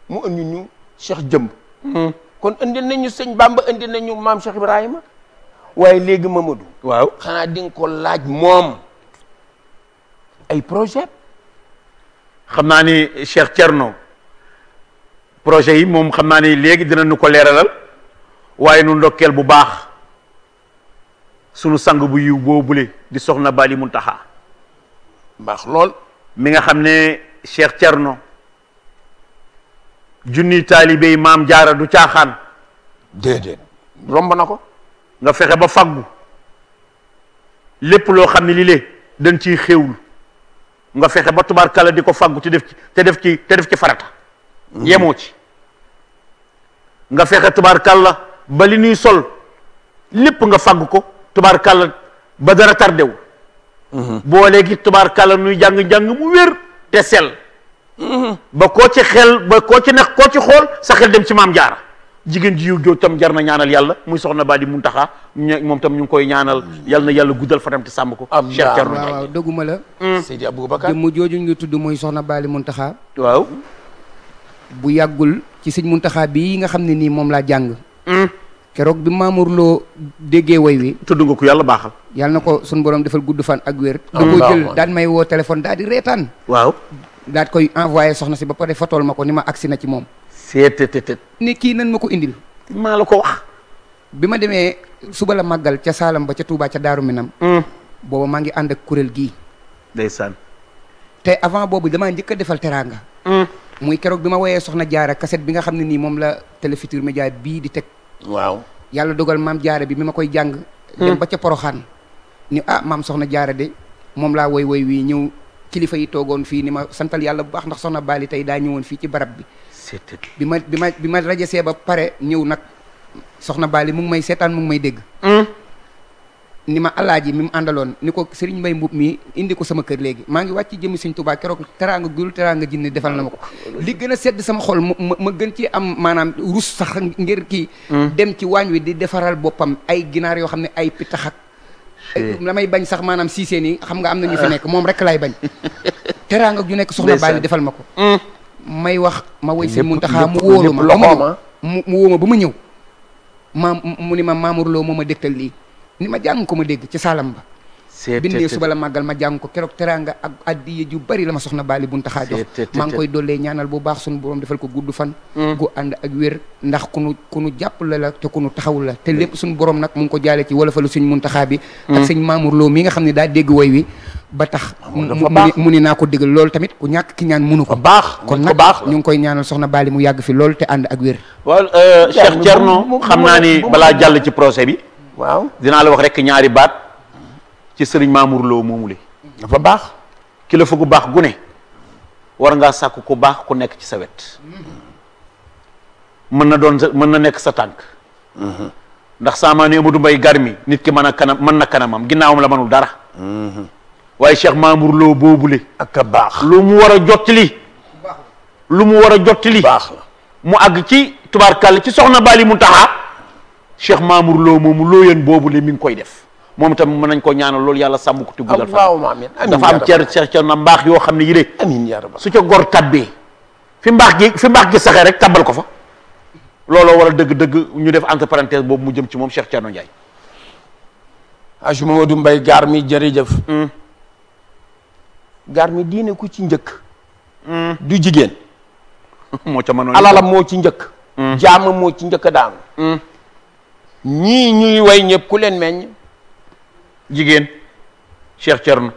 mu indi ñu Cheikh Jëmb hmm. kon indi nañu sëñ Bamba indi nañu maam Cheikh Ibrahima waaye léegi Mamadou waaw xanaa din ko laaj moom ay projet xam naa ni Cheikh Thierno projet yi moom xam naa ne léegi dina dinañu ko leeralal waaye nu ndokkeel bu baax sunu sang bu yiw boobule di soxna Bali taxa baax lool mi nga xam ne Cheikh Thierno junni taalibe yi maam jaara du caaxaan déedéet romb na ko nga fexe ba faggu lépp loo xam ne li lée dañ ciy xéwlu nga fexe ba tubaar tubaarkàlla di ko faggu te def ci te def ci te def ci farata mm. yemoo ci nga fexé tabarakallah ba li ñuy sol lepp nga fagu ko tabarakallah ba dara hmm bo léegi tabarakallah nuy jang jang mu wér te sel mhm. ba ko ci xel ba ko ci nek ko ci xol sa xel dem ci mam jaar jigen ji tam jar na ñaanal yalla muy soxna Badi muntaha mom tam ñu koy ñaanal mhm. yalla na yalla guddal dem ci sam ko Cheikh la mm. Seydi bakkar joju ñu tuddu muy soxna muntaha waaw bu yagul ci sëñ muntaxaa bi nga xamni ni mom la jang hmm. kérok bi Mamour Lo déggé way wi tuddu nga ko yalla baxal yalla nako sun borom defal gudd fan ak wér hmm. da ko jël daan may wo téléphone dal di reetaan waw dal koy envoyer soxna ci ba paré fotol ma ko ni ma agsi na ci moom seetetetet ni ki nan mako indil maa la ko wax bima ma suba la magal ci salam ba ci Touba ci daru minam hmm. booba maa ngi ak kurel gi ndeysaan te avant bobu dama ñëk defal teranga muy keroog bi ma woyee soxna jaara kaset bi nga xam ne nii moom la Télé Futurs bii di teg waaw yàlla dogal maam jaara bi bi ma koy jàng hmm. dem ba ca poroxaan ni ah maam soxna jaara de moom laa woy woy wii ñëw kilifa yi toogoon fii ni ma santal yàlla bu baax ndax soxna baali tey daa ñëwoon fii ci barab bi bi ma bi ma bi ma rajesee ba pare ñëw nag soxna baali mu ngi may seetaan mu may dégg hmm. ni ma alaaji mi mu àndaloon ni ko Serigne Mbaye Mboup mi indi ko sama kër léegi maa ngi wàcc jëmi Serigne Touba keroog teraanga gul teraanga jinne defal na ma ko li gën a sedd sama xol ma ma gën ci am maanaam rus sax ngir kii hmm. dem ci waañ wi di defaral boppam ay ginaar yoo xam ne ay pitax ak damay bañ sax maanaam siiseen yi xam nga am na nekk moom rek laay bañ teraanga ju nekk soxna bàyyi defal ma ko hmm. may wax ma woy Serigne Mountakha mu wóolu ma ba ma ah. ñëw mu wóo ma ba ma ñëw maam mu ni ma Mamour Lo moo ma dégtal lii ni ma jàng ko ma dégg ci saalam ba bindee suba la màggal ma jàng ko keroog teraanga ak addiye ju bari la ma soxna baali bunta xaa jox maa nga koy dollee ñaanal bu baax suñu borom defal ko gudd fan hmm. gu ànd wér ndax ku nu ku nu jàppale la te ku nu taxawul la te hmm. lépp suñu borom nag mu ngi ko jaale ci wala falu suñ muntaxaa bi ak hmm. sëñ Mamour Lo mi nga xam ne daa dégg woy wi ba tax mu ni naa ko dégg loolu tamit ku ñàkk ki ñaan munu ko baax kon nag ñu ngi koy ñaanal soxna baali mu yàgg fi loolu te ànd ak wér waaw euh, Cheikh Thierno xam naa ni balaa jàll ci procès bi waaw dinaa la wax rek ñaari baat ci sëriñ Mamour Lo moomule dafa baax kilifa gu baax gune war ngaa sàkk ku baax ku nekk ci sa wet mën na doon mën na nekk sa tànk mhm. ndax saamaane Amadou Mbaye garmi nit ki mën a kanam mën na kanamam ginnaawam la mënul dara mhm. waaye Cheikh Mamour Lo boobule ak a baax lu mu war a jottali lu mu war a jottali baax mu àgg ci tubaarkàll ci soxna yi mu taxa Cheikh Mamour Lo moomu looyeen boobu le mi ngi koy def moom itam mën nañ ko ñaana loolu yàlla sàmm ko te guddal fan dafa am cer cer cer na mbaax yoo xam ne yi rek amiin su ca gor tabbee fi mbaax gi fi mbaax gi saxee rek tabbal ko fa looloo waral dëgg-dëgg ñu def entre boobu mu jëm ci moom Cheikh Thierno Ndiaye aju Mamadou Mbaye gaar mi jërëjëf hmm. gaar mi diine ku ci njëkk hmm. du jigéen moo ca mënoon alalam moo ci njëkk hmm. jaama moo ci njëkk daanu ñii ñuy way ñépp ku leen meññ jigéen Cheikh Thierno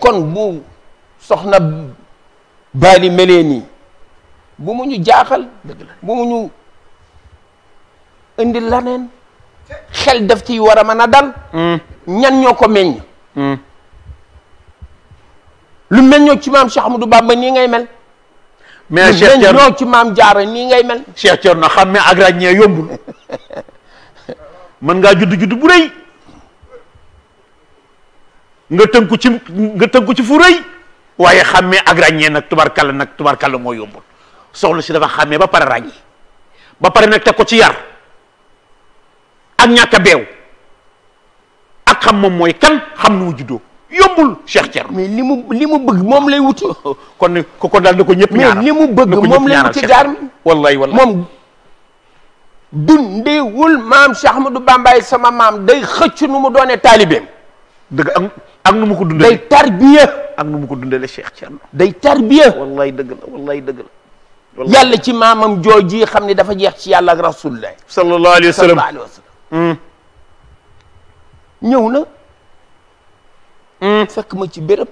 kon bu soxna baali melee bu mu ñu jaaxal bu mu ñu indi laneen xel daf ciy war a mën a dal hmm. ñan ñoo ko meññ hmm. lu meññoo ci maam Cheikh Ahmadou Bamba nii ngay mel mais ci maam Jaara nii ngay mel Cheikh Thierno xam ne ak a yombul man nga judd judd bu reuy nga teunku ci nga teunku ci fu reuy waye xamé ak ragné nak tubarkalla nak tubarkalla mo yombul soxlu ci dafa xamé ba para ragné ba para nak takko ci yar ak ñaka a beew ak xam mom moy kan xam nu juddo yombul Cheikh mais limu limu bëgg mom lay wuti. kon ko ko bëgg mom lay wuti jaar wallahi wallahi mom dundeewul maam du Ahmadou Bambaye sama maam day xëcc nu mu doone taalibeem dëgg ak ak nu mu ko dundee day tarbiya ak nu mu ko dundee dëgg la ci maamam jooji xam ni dafa jeex ci yàlla ak rasulullah sallallahu alayhi wa hmm. ñëw na hmm. fekk ma ci béréb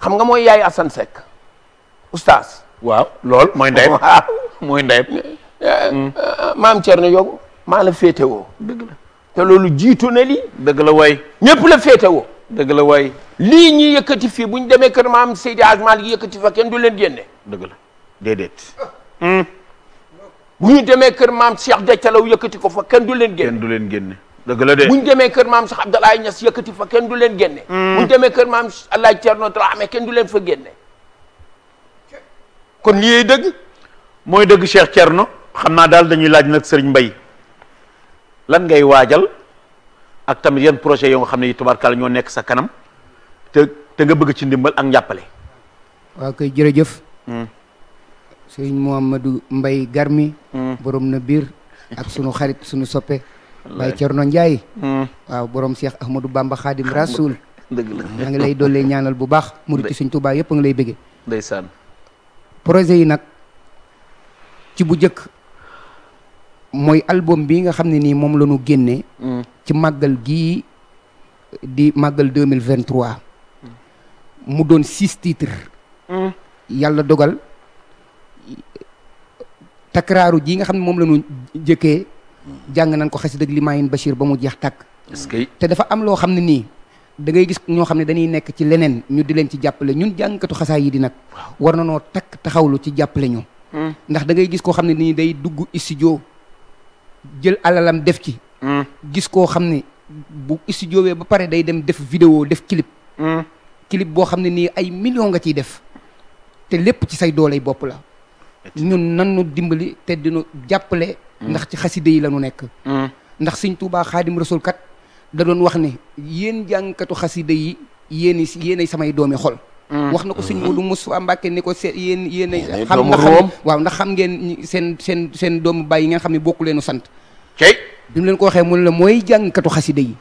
xam nga mooy yaay Assane Seck oustaz waaw lool mooy ndeyam mooy ndeyam maam Thierno Yogo maa la féete woo dëgg la te loolu jiitu na lii dëgg la way ñëpp la féete woo dëgg la way lii ñi yëkkati fii bu ñu demee kër maam Seydi Hadj Malick yëkkati fa kenn du leen génne dëgg la déedéet bu ñu demee kër maam Cheikh Dethialaw yëkkati ko fa kenn du leen génne kenn du leen génne dëgg la de bu ñu demee kër maam Cheikh Abdoulaye Niass yëkkati fa kenn du leen génne bu ñu demee kër maam Alaaji Thierno Dramé kenn du leen fa génne kon lii dëgg mooy dëgg Cheikh Thierno xamna dal dañuy laaj nak serigne mbay lan ngay wajal ak tamit yeen projet yo nga xamne ne ño nek sa kanam te te nga bëgg ci ndimbal ak njàppale waaw koy jërëjëf hmm. serigne Mouhamadou Mbay Garmi hmm. borom na bir ak suñu xarit suñu soppé bay Cerno Ndiaye hmm. wa borom Cheikh Ahmadou Bamba Khadim Rasoul deug la nga lay dolé ñaanal bu baax mouride serigne touba yépp nga lay bëggé ndeysaan projet yi nak ci bu jëk mooy album bi nga xam ne nii moom la ñu génnee. Mm. ci màggal gii di màggal deux mille vingt trois. mu doon six titres. Mm. yàlla dogal takraaru ji nga xam ne moom la ñu jëkkee. jàng nañ ko xasida ak Limayin Bachir ba mu jeex tàkk. est que te dafa am loo xam ne nii da ngay gis ñoo xam ne dañuy nekk ci leneen ñu di leen ci jàppale ñun jàngkatu xasaa yi di nag. war na noo takk taxawlu ci jàppale ñu. Mm. ndax da gis koo xam ne nii day dugg studio. jël alalam def ci. Hmm. gis ko xamni bu studio ba pare day dem def vidéo def clip. Hmm. clip bo xamni ni ay millions nga ci def té lépp ci say dooley bop la. ñun nan nu dimbali té dinu jappalé hmm. ndax ci khasside yi la nu nekk. ndax seigne touba khadim rasoul kat da doon wax ne yéen jàngkatu khasside yi yeen yi yeenay samay doomi xol. Mm. wax na ko sëñ mm. Modou Moustapha Mbacké ni ko seen yéen yéen a waaw ndax xam ngeen seen seen seen doomu baay yi ngeen xam ne bokku leenu sant cey leen ko waxee mu la mooy jàngkatu xasida yi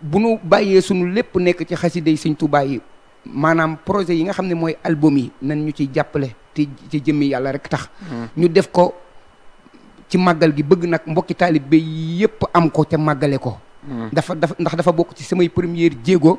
bu nu bàyyee suñu lépp nekk ci xasida yi sëñ Tuubaa bàyyi maanaam projet yi nga xam ne mooy album yi nan ñu ciy jàppale te ci jëmmi yàlla rek tax mm. ñu def ko ci màggal gi bëgg nag mbokki taalibe yépp am ko ca màggale ko ndax dafa bokk ci samay première jéego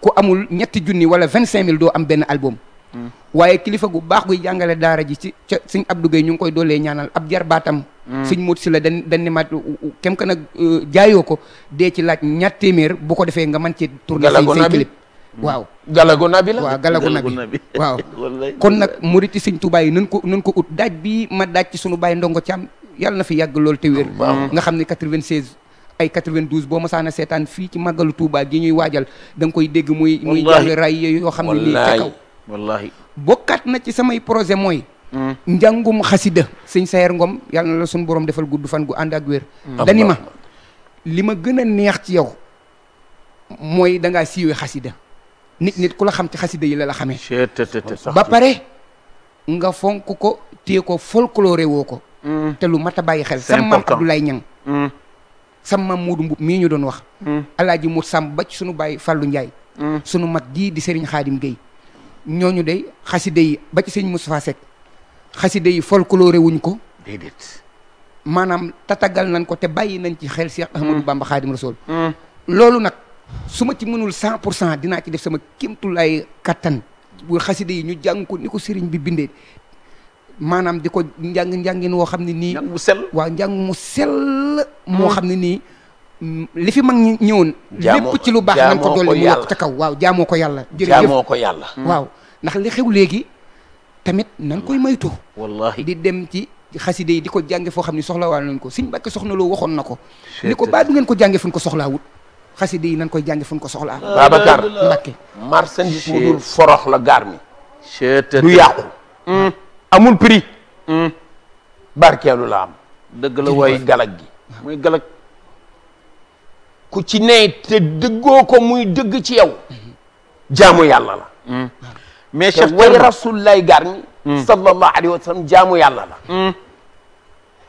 ku amul ñetti junni wala vingt cinq mille doo am benn album hmm. waaye kilifa gu baax guy jàngale daara ji ci ca sëñ Abdou Gueye ngi koy doolee ñaanal ab jarbaatam hmm. sëñ Modou Sylla dañ dañ ne maat kem ka nag euh, jaayoo ko dee ci laaj ñaar téeméer bu ko defee nga mën ci tourné seen clip waaw galago nabi la waaw galago nabi waaw kon nag muriti sëñ Touba yi nan ko nan ko ut daaj bi ma daaj ci sunu bàyyi ndongo Thiam yal na fi yàgg loolu te wér nga xam ne quatre-vingt-seize ay 92 boo sana setan fi ci magalu Touba gi ñuy waajal dang koy deg muy muy jàng ray yo xamni ni nii kaw wallahi bokkaat na ci samay projet moy hmm. njangum khassida seigne Sayer Ngom yalla na la sun borom defal gudufan fan gu ànd ak wér lima hmm. ma li neex ci yow moy da nga siwe khassida nit nit kula xam ci khassida yi la la xame ba pare nga fonku ko tie ko folklore woko hmm. te lu mata baye xel sama Abdoulaye ñang sama maam Moodu Mbub mii ñu doon wax. Hmm. alaaji mu sam ba ci sunu baay Fallou Ndiaye. Hmm. sunu mag jii di Serigne Khadim Gueye. ñooñu day xaside yi ba ci sëñ Moustapha Seck xaside yi folklore wuñ ko. déedéet maanaam tatagal nañ ko te bàyyi nañ ci xel Cheikh Ahmadou hmm. Bamba Khadim Rasoul. loolu nag su ma ci mënul cent pour cent dinaa ci def sama kéemtulaay kattan bu xaside yi ñu jàng ko ni ko sëriñ bi bindee manam diko njang njàng wo xamni ni ne nii. mu sel waaw njàng mu sell. Hmm. moo xam ne li fi mag ñi lepp ci lu bax nañ ko dolli mu yokk ca kaw waaw jaamoo ko yàlla. jërëjëf ko yàlla. Hmm. waaw ndax li xew legi tamit nang koy maytu wallahi di dem ci. khasside yi di ko jànge foo xam ne nañ ko seigne bakki soxna lo waxon nako liko ni du ngeen ko jànge fuñ ñu ko soxlaawut xaside yi nang koy jànge fuñ ko soxla babakar Mbàkke marchandise ci dul forox la garmi mi du yaqku hmm. amul prix. Hmm. barkeelu la am. dëgg la woy galag gi muy galag. ku ci ne te dëggoo ko muy dëgg ci yow. jaamu yàlla la. Hmm. mais Cheikh way rasul lay hmm. sallallahu alayhi wa sallam jaamu yàlla la.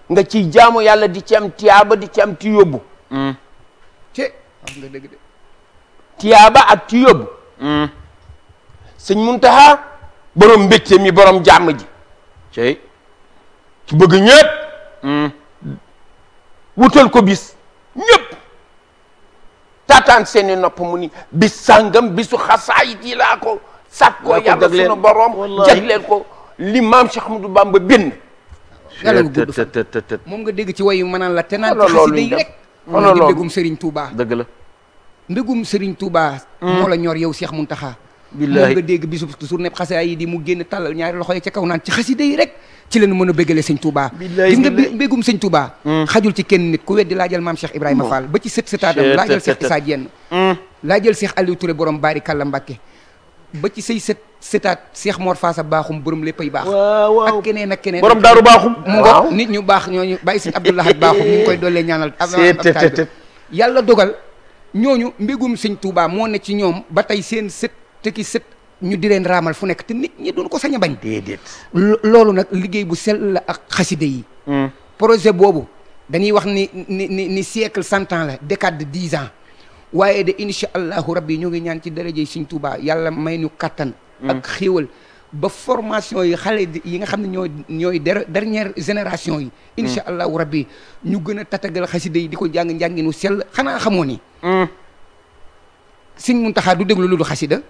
nga ci jaamu yàlla di ci am tiyaaba di ci am ti yóbbu. te wax nga dëgg de. tiyaaba ak ti yóbbu. mi jàmm ji. cey ci bëgg ñëpp hmm. wutal ko bis ñëpp taataan seeni nopp mu ni bis sàngam bisu xasaayit yi laa ko sàkk ko yàlla sunu borom jagleel ko li maam Cheikh Ahmadou Bamba bind gàllankoor gudd fan moom nga dégg ci wayu mënaan la te naan ci xasida yi rek xoolal loolu mbégum Serigne Touba dëgg la mbégum Serigne Touba hmm. moo la ñor yow Cheikh Mountakha billaahi nga dégg bisub journée xasida yi di mu génn tàllal ñaari loxo yi ca kaw naan ci xasida yi rek ci leen mën a béggale sëñ Touba gis nga béggum sëñ Touba hmm. xajul ci kenn nit ku weddi laajal maam Cheikh Ibrahima hmm. Fall ba ci sët sëtaatam laajal Cheikh Issa Diène hmm. laajal Cheikh Aliou Touré borom Bari Kalla Mbacké ba ci say sët sëtaat Cheikh Mor Faasa baaxum borom léppay baax ak keneen ak keneen borom daaru baaxum mu nga nit ñu baax ñooñu bàyyi sëñ Abdoulahat baaxum ñu ngi koy doolee ñaanal yàlla dogal ñooñu mbégum sëñ Touba moo ne ci ñoom ba tey seen sët te ki sët ñu di leen raamal fu nekk te nit ñi duñ ko sañ a bañ. déedéet loolu nag liggéey bu sell la ak xaside yi. Hmm. projet boobu dañuy wax ni ni ni ni cent ans la décade de an waaye de incha allahu rabbi ñu ngi ñaan ci daraje Sëriñ Tuubaa yàlla may ñu kattan. Hmm. ak xéewal ba formation yi xale yi nga xam ne ñooy ñooy dernière génération yi. Hmm. incha allahu rabbi ñu gën a tatagal xaside yi di ko jàng njànginu sell xanaa xamoo ni. Sëriñ Muntaxa du déglu lu dul xasida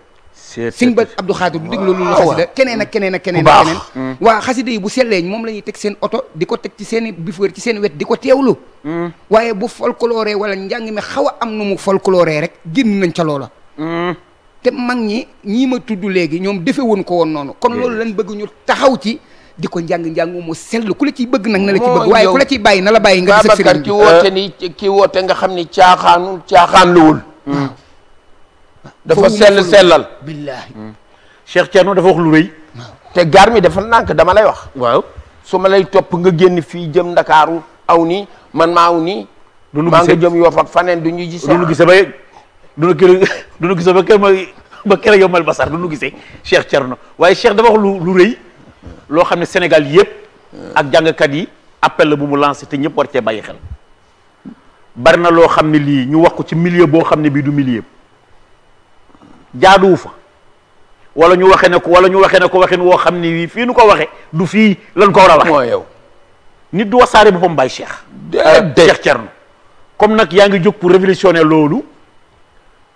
sëñ ba Abdou Khadir du déglu loolu xasida keneen ak keneen ak keneen ak keneen mm. waa xasida yi bu sellee moom la ñuy teg seen oto di ko teg ci seen i bifeur ci seen wet di ko teewlu mm. waaye bu folklore wala njàng mi xaw a am nu mu folklore rek génn nañ ca loola mm. te mag ñi ñii ma tudd léegi ñoom defe woon ko woon noonu kon loolu lañ bëgg ñu taxaw ci di ko njàng njàng mu sell ku la ciy bëgg nag na la ci bëgg waaye ku la ciy bàyyi na la bàyyi nga di sa sëriñ ki woote ni ki woote nga xam ni caaxaanul caaxaanluwul dafa sel selal billahi hmm. Cheikh Thierno dafa wax lu reuy te gar mi dafa nank dama lay wax waw suma lay top nga genn fi jëm dakaru awni man mauni aw nii maa nga jëm yoo fag fanen du ñu gisee duñu gisee ba duñu kër duñu gisse ba kër ma ba kër yombal basar duñu gisse Cheikh Thierno waaye Cheikh dafa wax lu lu rëy loo xam ne Sénégal yëpp ak yi appel bu mu lancer te ñepp war ci baye xel barna lo xamne li ñu wax ko ci milieu bo xamne bi du milieu jaaduwu fa wala ñu waxé ne ko wala ñu waxé ne ko waxin wo xamni wi fi ñu ko waxé du fi lan ko war a yow nit du wasare boppam bay Cheikh Cheikh Thierno comme nak yaangi ngi pour révolutionner lolu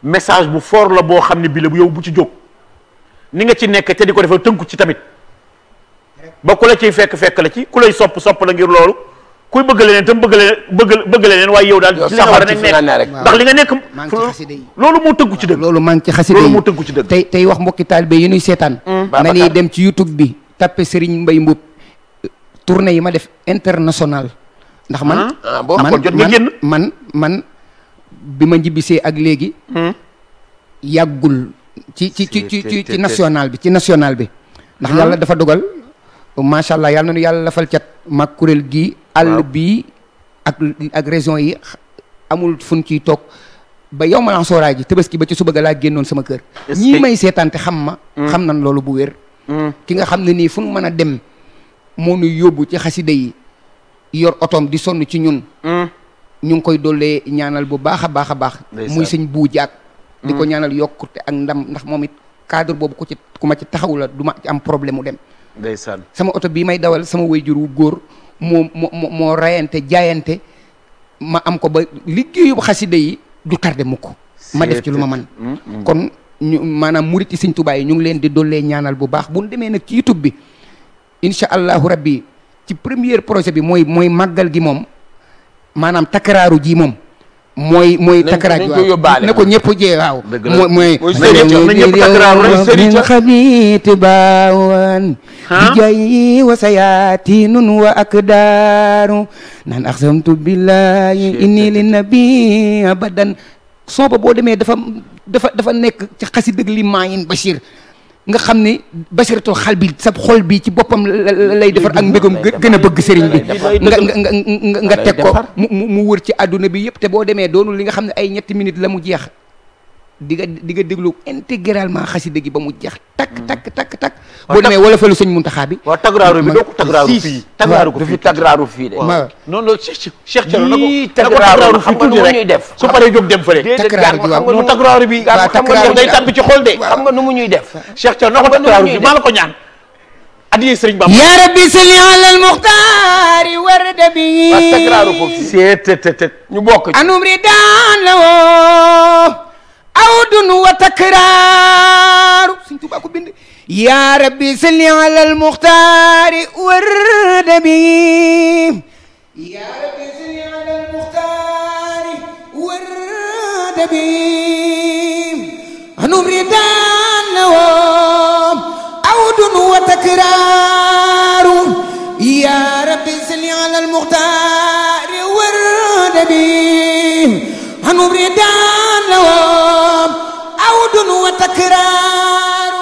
message bu fort la bo xamni bi le bu yow bu ci jóg ni nga ci nekk te di ko defee tënku ci tamit ba ku la ciy fekk-fekk la ci ku lay sop la ngir lolu kuy bëgg leneen tam bëgg leneen bëgg bëgg leneen waaye yow daal ci li nga war a nekk ndax li nga nekk loolu moo tënku ci dëgg loolu maa ngi ci xasida yi loolu moo tënku ci dëgg tey tey wax mbokki taalibe yu ñuy mm. dem ci youtube bi tappe Serigne Mbaye Mboup tournée yi ma def international ndax man mm. ah, man jot nga man man bi ma njibisee ak léegi mm. yàggul ci ci ci ci ci bi ci national bi ndax yàlla dafa dogal sha allah yàlla nañu yàlla lafal cat mag gi al bi ak ak yi amul fun ci tok ba yow ma la sooraay ji tabaski ba ci suba ga la gennon sama kër ñi may xam ma hmm. xam nan lolu bu wër hmm. ki nga xam ni fuñ mëna dem mo ñu yobbu ci xasside yi yor otoom di sonn ci ñun hmm. ñu ngi koy dolé ñaanal bu baaxa baaxa baax muy señ bu jaak diko ko yokku te ak ndam ndax momit cadre bobu ko ci kuma ci taxaw la ci am problème dem ndeysaan sama oto bii may dawal sama wayjur wu góor moo moo moo rayante jaayante ma am ko ba liggéeyu xasida yi du tardé mukk ma def ci lu ma man mm, mm. kon ñu maanaam murit yi Sëñ yi ñu ngi leen di dollee ñaanal bu baax bu ñu demee nag kii tub bi incha allahu rabbi ci premier projet bi mooy mooy màggal gi moom maanaam takaraaru ji moom mooy mooy takaraaj waaw na ko ñëpp jee waaw mooy min xabiiti baawan bi jayi wa sayatinun wa akdaaru naan axsamtu billahi inni li nabi abadan sooba boo demee dafa dafa dafa nekk ci xasi dëgg li maayin bashir nga xam ni basiratul xal bi sa xol bi ci boppam lay defar ak mbégum gën a bëgg sëriñ bi nga nga nga teg ko mu mu wër ci àdduna bi yëpp te boo demee doonu li nga xam ne ay ñetti minutes la mu jeex di nga di nga déglu ba mu jeex. takk mm-hmm. takk tak takk. boo demee wala falu sëñ Muntaxa bi. waaw tagraaru bi doo ko tagraaru fii. tagraaru ko tagraaru fii de. non na ko tagraaru fii def su paree jóg dem fële. tagraaru bi waaw tagraaru bi. waaw tagraaru bi day tàmbi ci de. nu mu ñuy def. Cheikh Thioro tagraaru bi maa la ko ñaan. adiyee sëriñ Bamba. yaa rabbi salli alal muxtaari warda bi. waaw tagraaru ko ñu bokk. anum ridaan أودن وتكرار يا ربي سلي على المختار ورد بي يا ربي سلي على المختار ورد بي نبردان نوام أودن وتكرار يا ربي سلي على المختار ورد بي هنريدان لهم عود وتكرار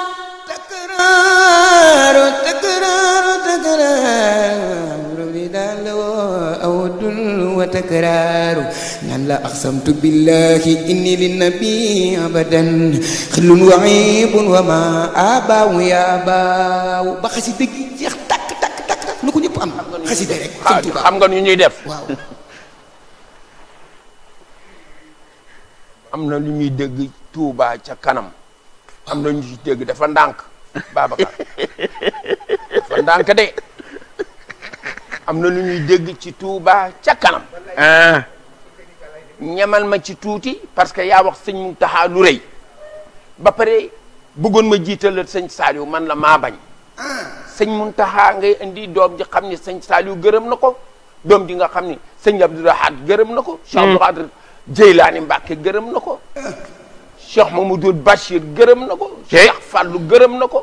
تكرار تكرار تكرار هنريدان لهم عود وتكرار نعم لا أقسمت بالله إني للنبي أبدا خل وعيب وما أباو يا أباو بخسي دقي تك تك تك تك نكون يبقى خسي دقي xam nga ñu ñuy am na lu ñuy dégg Touba ca kanam am na ñu ci dafa ndànk Babacar de am na lu ñuy ci Touba ca kanam ah. ñamal ma ci tuuti parce que yaa wax sëñ Mountakha lu rëy ba pare bëggoon ma jiitalal sëñ Saliou man la maa bañ sëñ Mountakha ngay indi doom ji xam ni sëñ Saliou gërëm na ko doom ji nga xam ni sëñ Abdou Lahad gërëm na ko Cheikh Abdou hmm. Khadre Jeylaani Mbàkke gërëm na ko Cheikh Mamadou Bachir gërëm na ko Cheikh Fallou gërëm na ko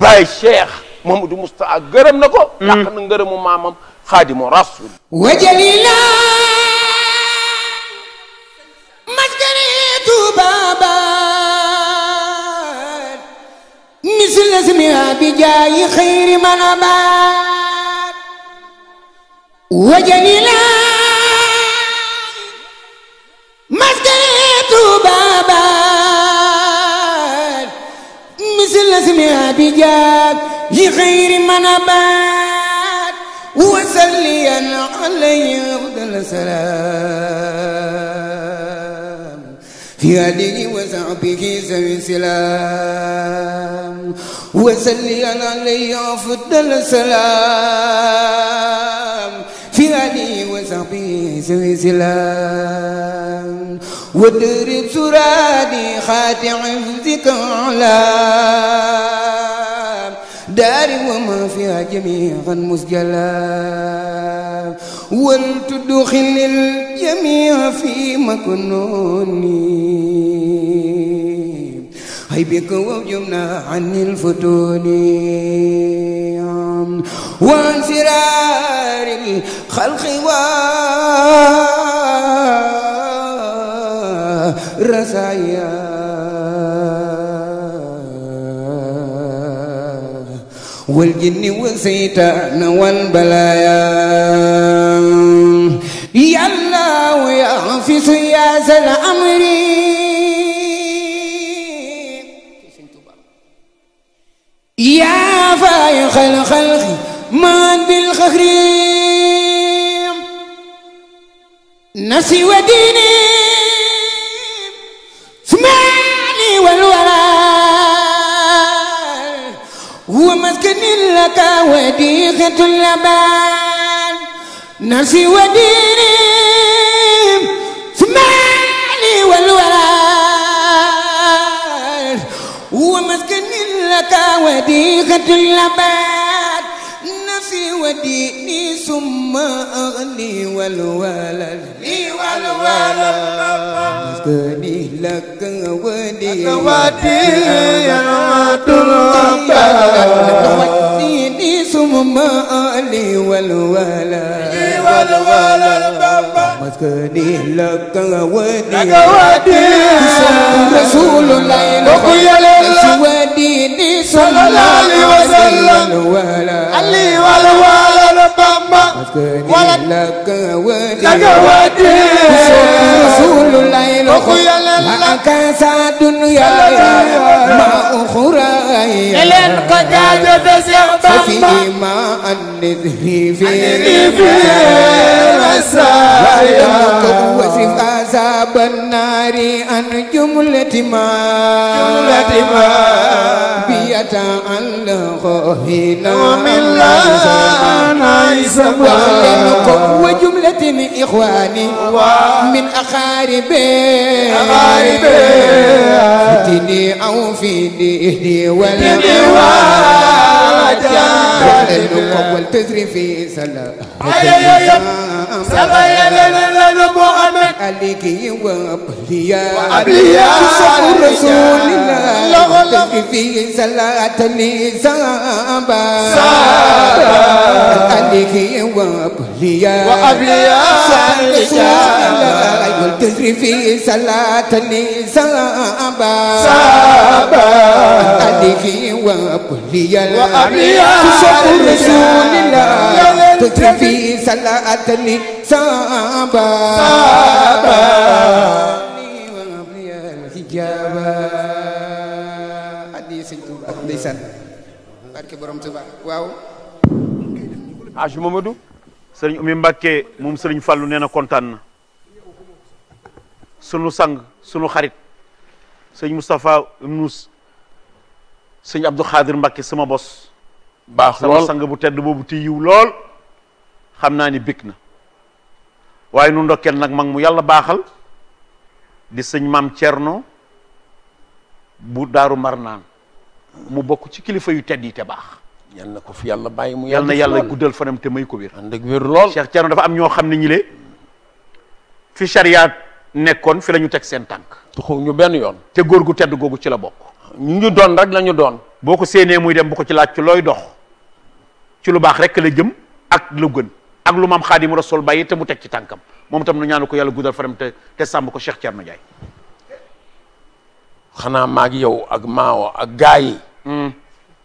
Baye Cheikh Mamadou Moustapha gërëm na ko làq na ngërëmu maamam Xaadimu Rasul wajalila maskanitu babat misl ismiha bi jaayi xayri man abat wajalila حسكيت بابا مثل من أباك وسلي منبات علي عليه السلام في هذه وصحبه سوي سلام أنا علي أفضل السلام سلالي وسقي سلسلان واضرب سرادي خاتع عفزك علام داري وما فيها جميعا مسجلا ولتدخل الجميع في مكنوني هي بك وجمنا عن الفتون وان فرار الخلق والرسايا والجن والسيطان والبلايا يا الله يا حافظ يا ذا يا فايخ الخلق من بالخخر نسي وديني سمعني والولاء هو مسكن لك وديخة اللبان نسي وديني بدا وديقة اللبات نفي وديني ثم أغني والولد لي والولد مسكني لك ودي ودي الوات وديني ثم أغني والولد لي والولد مسكني لك ودي ودي رسول الله wala ali wala wala la bamba wala laka wadi laka wadi rasulullah lo ko yalla la ka sa dunya ma ukhra elen ko jaajo de cheikh bamba fi ma anidhi fi fi rasa ya ko wasifat عذاب النار أن جملة ما جملة ما الله حين من لا يسمى وجملة إخواني من أقاربي فتني أو في دهدي ولا والتزري في سلام سلام أليكي وأبليا وأبليا صف رسول الله تلقي في صلاة نزابا أليكي وأبليا وأبليا صف رسول الله تلقي في صلاة نزابا أليكي وأبليا وأبليا صف رسول الله تكفي سلعتني صعبا ndeysaan barke borom Tuubaa waaw aju nee na kontaan na sunu sang sunu xarit sëñ Moustapha Mnous sëñ Abdou Khadir Mbacké sama bos baax lool sama sang bu tedd boobu ti yiw lool xamna ni bikna na nu ndokel nak mag mu yalla baxal di seigne mam Cerno bu daru marnan mu bokku ci kilifa yu teddi te bax yalla ko fi yalla baye mu yalla yalla guddal fanam te may ko wir and ak wir lol Cheikh Cerno dafa am ño xamni ne ñi le fi sharia nekkon fi lañu tek sen tank tànk ñu ben yoon te gor gu tedd gogu ci la bok ñu ñu don rek lañu don boko sene muy dem bu ko ci lacc loy dox ci lu bax rek la jëm ak lu gën ak lu maam xaadimu rasul bàyyi te mu teg ci tànkam moom tam nu ñaanu ko yàlla guddal faram te te sàmm ko Cheikh Thierno Ndiaye. xanaa maag yow ak maawo ak gaa yi. Hmm.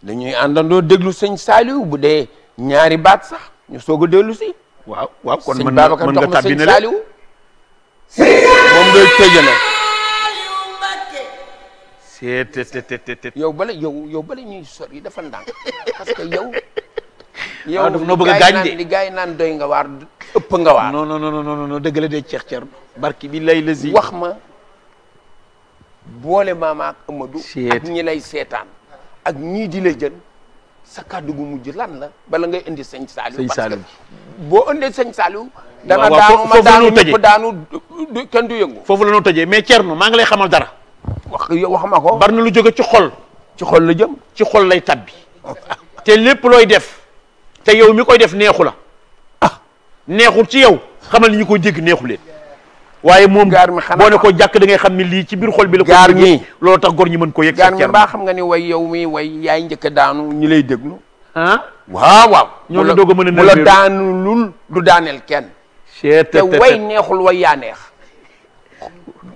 dañuy àndandoo déglu sëñ Saliou bu dee ñaari baat sax ñu soog a dellu si. waaw waaw kon mën nga mën nga tàbbi ne la sëñ Babacar moom day tëjale. seet yow bala yow dafa ndànk parce que yow daf noo bëgg a gaañ de li gars yi naan doy nga waar ëpp nga waar. non non non non non dëgg la de Cheikh Thierno barki bi lay la lësi wax ma boole maama ak Amadou. ak ñi lay seetaan ak ñii di lay jën sa kàddu gu mujj lan la bala ngay indi sëñ Saliou. sëñ Saliou boo indee sëñ Saliou. dana daanu ma daanu ñëpp daanu du kenn du yëngu. foofu la noo tëjee mais Thierno maa ngi lay xamal dara. wax wax ma ko. bari na lu jóge ci xol. ci xol la jëm. ci xol lay tabbi. te lépp looy def. te yow mi koy def neexu la ah neexul ci yow xamal ni ñu koy dégg neexu leen waaye moom boo ne ko jàkk da ngay xam ne lii ci biir xol bi la ko gaar mi loolu tax góor ñi mën ko yëg gaar mi mbaa xam nga ni way yow mi way yaay njëkk a daanu ñi lay déglu ah waaw waaw ñoo la doog a mën a bu la daanu lul du daaneel kenn te way neexul way yaa neex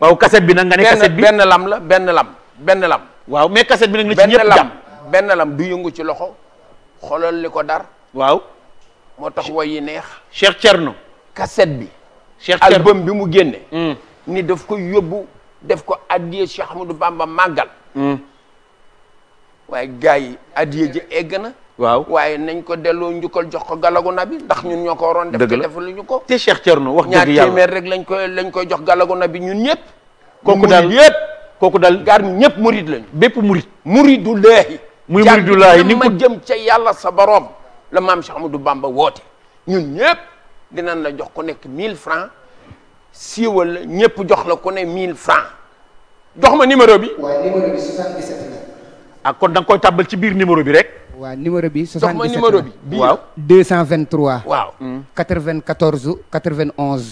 waaw kaset bi nag nga ne kaset bi benn lam la benn lam benn lam waaw mais kaset bi nag na ci ñëpp jàmm benn lam benn lam du yëngu ci loxo xolal li ko dar waaw moo wayi woy yi neex Cheikh Thierno cassette bi Cheikh Thierno album bi mu génne hmm. ni daf ko yóbbu def ko addiye Cheikh Ahmadou Bamba magal. Hmm. waaye gars adiye addiye ji egg na waaw waaye nañ ko delloo njukkal jox ko galagu na bi ndax ñun ñoo ko waroon def te defaluñu ko te Cheikh Thierno wax dëgg yàlla ñaar téeméer rek lañ koy lañ koy jox galagu na bi ñun ñëpp kooku daal yëpp kooku daal gaar mi ñëpp murid lañu bépp murid muridu leehi muy muridu leehi ni ma jëm ca yàlla sa boroom le même Cheikh de Bamba Nous, ñun dinañ la 1000 francs Si vous voulez, jox la 1000 francs vous ma numéro numéro bi 77 la. Ah, le numéro bi Oui, le numéro bi. 77 la numéro 223. 94 94 91.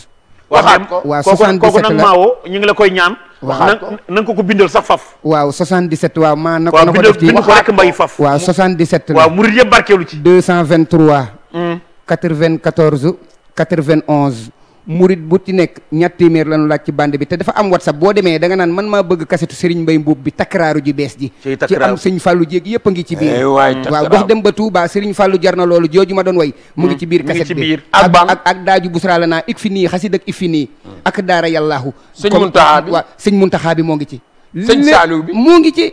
waxaat ko waaw 77 la kooku nag Maodo ñu ngi la koy ñaan. waxaat ko na nga ko ko bindal sax faf. waaw 77 waaw maa na ko na ko def ci waaw bind ko rek mbay faf. waaw 77 la waaw murid yëpp barkeelu ci. 223. murit bu ci nekk ñett téeméer lañu laaj ci bande bi te dafa am whatsapp boo demee da naan man maa bëgg kasetu Serigne Mbaye Mbuub bi takraaru ji bees ji ci am Serigne Fallou jéeg yëpp a ngi ci biir eh mm. waaw dox dem ba Touba Serigne Fallou jar na loolu jooju ma doon way mu ngi mm. ci biir kaset bi ak daaju busra naa ik fi nii xasid ak fi nii mm. ak daara yàllaahu sëñ Muntaxa bi moo ngi ci sëñ ngi ci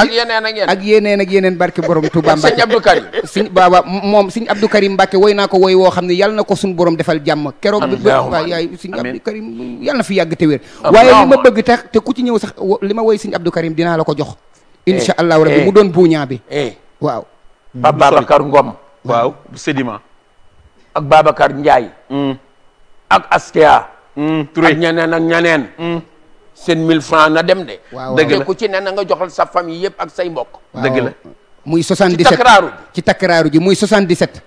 ak yeneen ak yeneen ak yeneen ak yeneen barke borom Touba Mbacke sëñ Abdou Karim sëñ baaba moom sëñ Abdou Karim Mbacke woy naa ko woy woo xam ne yàlla na ko suñu borom defal jàmm keroog bi waaw yaay sëñ Abdou Karim yàlla na fi yàgg te wér waaye li bëgg tax te ku ci ñëw sax lima ma woy sëñ Abdou Karim dinaa la ko jox eh, insha allahu rabbi eh, mu doon buuñaa bi eh. waaw Pape Babacar Ngom waaw Sédima ak Babacar Ndiaye mm. ak Askia mm, Touré mm. sen 1000 francs na dem de. deug la ku ci nena nga joxal sa famille yëpp ak say mbok deug la muy 77 ci takraru ji muy 77.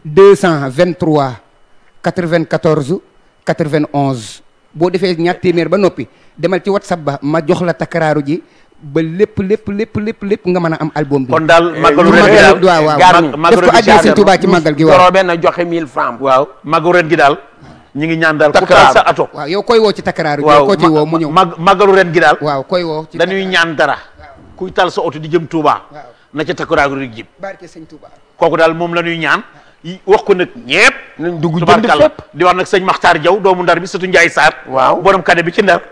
223 94 91 bo defé ñaar témèr ba nopi demal ci whatsapp ba ma jox la takraru ji. ba lepp lepp lepp lepp lepp nga mëna am album bi kon dal magalu ren gi daal waaw waaw def ko addi sëñ ci gi waaw joroo benn joxe 1000 francs waaw magalu gi dal ñu ngi ñaan daal ku waaw yow koy woo ci takaraaru waaw ko ci woo mu ñëw mag màggalu ren gi daal waaw koy woo ci dañuy ñaan dara kuy taal sa oto di jëm Touba na ca takaraaru di jib barke sëñ Touba kooku daal moom la ñuy ñaan wax ko nag ñepp nañ dugg jënd fépp di wax nag sëñ Makhtar Diaw doomu ndar bi sëtu Njaay Saar waaw borom kade ci ndar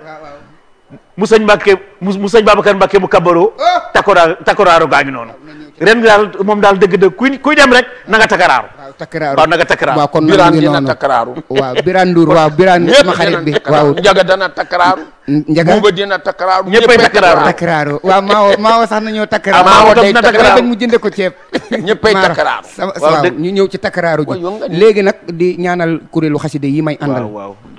mu sëñ Mbàkke mu sëñ Babacar Mbàkke mu kabaro oh! takoraa takoraaru gaa ngi noonu ren daal moom daal dëgg-dëgg kuy kuy dem rek na nga takkaraaru. waaw takkaraaru waaw na nga takkaraaru. waaw kon Birane dina takkaraaru. waaw Birane Ndour waaw Birane sama xarit bi waaw Njaga dana takkaraaru. Njaga Buuba dina takkaraaru. ñëppay takkaraaru takkaraaru waaw Maawo Maawo sax nañoo takkaraaru. Maawo day takkaraaru mu jënde ko ceeb. ñëppay takkaraaru. ñu ñëw ci takkaraaru ji léegi nag di ñaanal kuréelu xaside yi may àndal.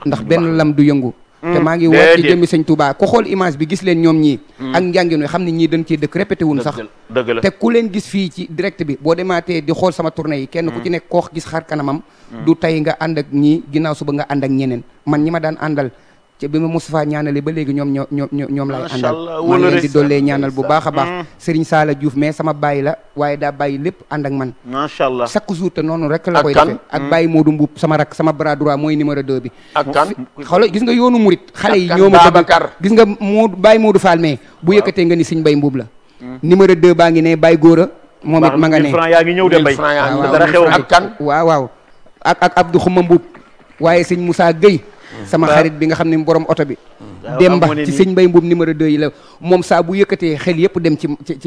ndax benn lam du yëngu te maa ngi wóor ci jëmmi sëñ Touba ku xool image bi gis leen ñoom ñii mm. ak njàngin wi xam ne ñii dañ ciy dëkk répété wuñ sax dëgg la te ku leen gis fii ci direct bi boo demaatee di xool sama tournée yi kenn ku mm. ci nekk koo gis xar kanamam mm. du tey nga ànd ak ñii ginnaaw suba nga ànd ak ñeneen man ñi ma daan àndal ci bi ma Moustapha ñaanale ba léegi ñoom ñoo ñoom ñoom laay àndal ma leen di dollee ñaanal bu baax a baax mm. Serigne Sala Diouf mais sama baay la waaye daa bàyyi lépp ànd ak man macha allah chaque jour te noonu rek la koy defee ak moo mm. Modou mbub sama rak sama bras droit mooy numéro 2 bi ak xolo gis nga yoonu murit xale yi ñoo ma Babacar gis nga Modou bàyyi Modou Fall mais bu yëkkatee nga ni Serigne bay Mbuub la mm. numéro 2 baa ngi ne bàyyi góora a moom it ma nga ne ñëw de mbay dara xew ak waaw waaw ak ak Abdou Xuma Mbuub waaye Serigne Moussa Gueye sama xarit bi nga xam ne borom oto bi Demba ci sëñ Mbay Mbuub numéro la moom saa bu yëkkatee xel yëpp dem ci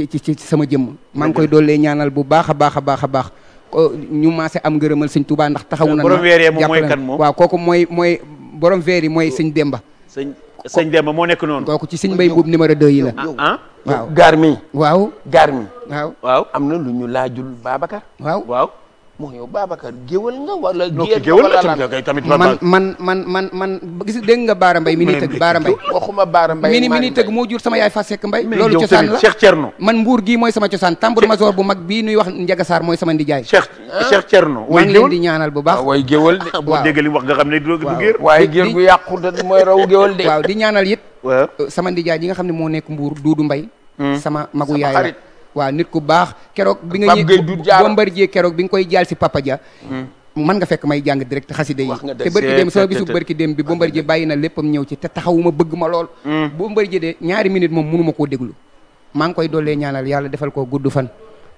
ci ci sama jëmm maa ngi koy doolee ñaanal bu baax a baax a baax a baax ñu maase am ngërëmal sëñ Tuubaa ndax taxawu na waaw kooku mooy mooy borom veer yi mooy sëñ Demba sëñ sëñ Demba moo nekk noonu kooku ci sëñ Mbay Mbuub numéro 2 yi la ah, ah. waaw gaar mi waaw gaar mi am na lu ñu laajul Babacar waaw mooy baba Babacar kan, géwal nga wala. géet wala tamit man man man man man gis dégg nga Baara Mbaye mi ni tëgg Baara Mbaye waxuma Baara Mbaye mi ni mi ni jur sama yaay Fass Seck Mbaye loolu cosaan la Cheikh Thierno man mbuur gii mooy sama cosaan tambour major bu mag bii nuy wax Ndiaga Sarr mooy sama ndijaay Cheikh ah. Cheikh Thierno maa ngi leen di ñaanal bu baax ah, waay géwal boo dégg li wax nga xam ne du géer waaye géer gu yàqu mooy raw géwal de waaw di ñaanal it uh, sama ndijaay yi nga xam ne moo nekk mbuur Duudu hmm. sama magu yaay wa nit ku bax kérok bi nga yëg Bombardier kérok bi nga koy jial ci Papa Dia hmm. man nga fekk may jang direct khasside yi te bërki dem so bisu bërki dem bi Bombardier bàyyi na léppam ñëw ci te taxawuma bëgg ma lool hmm. Bombardier de ñaari minute mom mënuma ko déglu ma ngi koy dolé ñaanal yalla défal ko guddu fan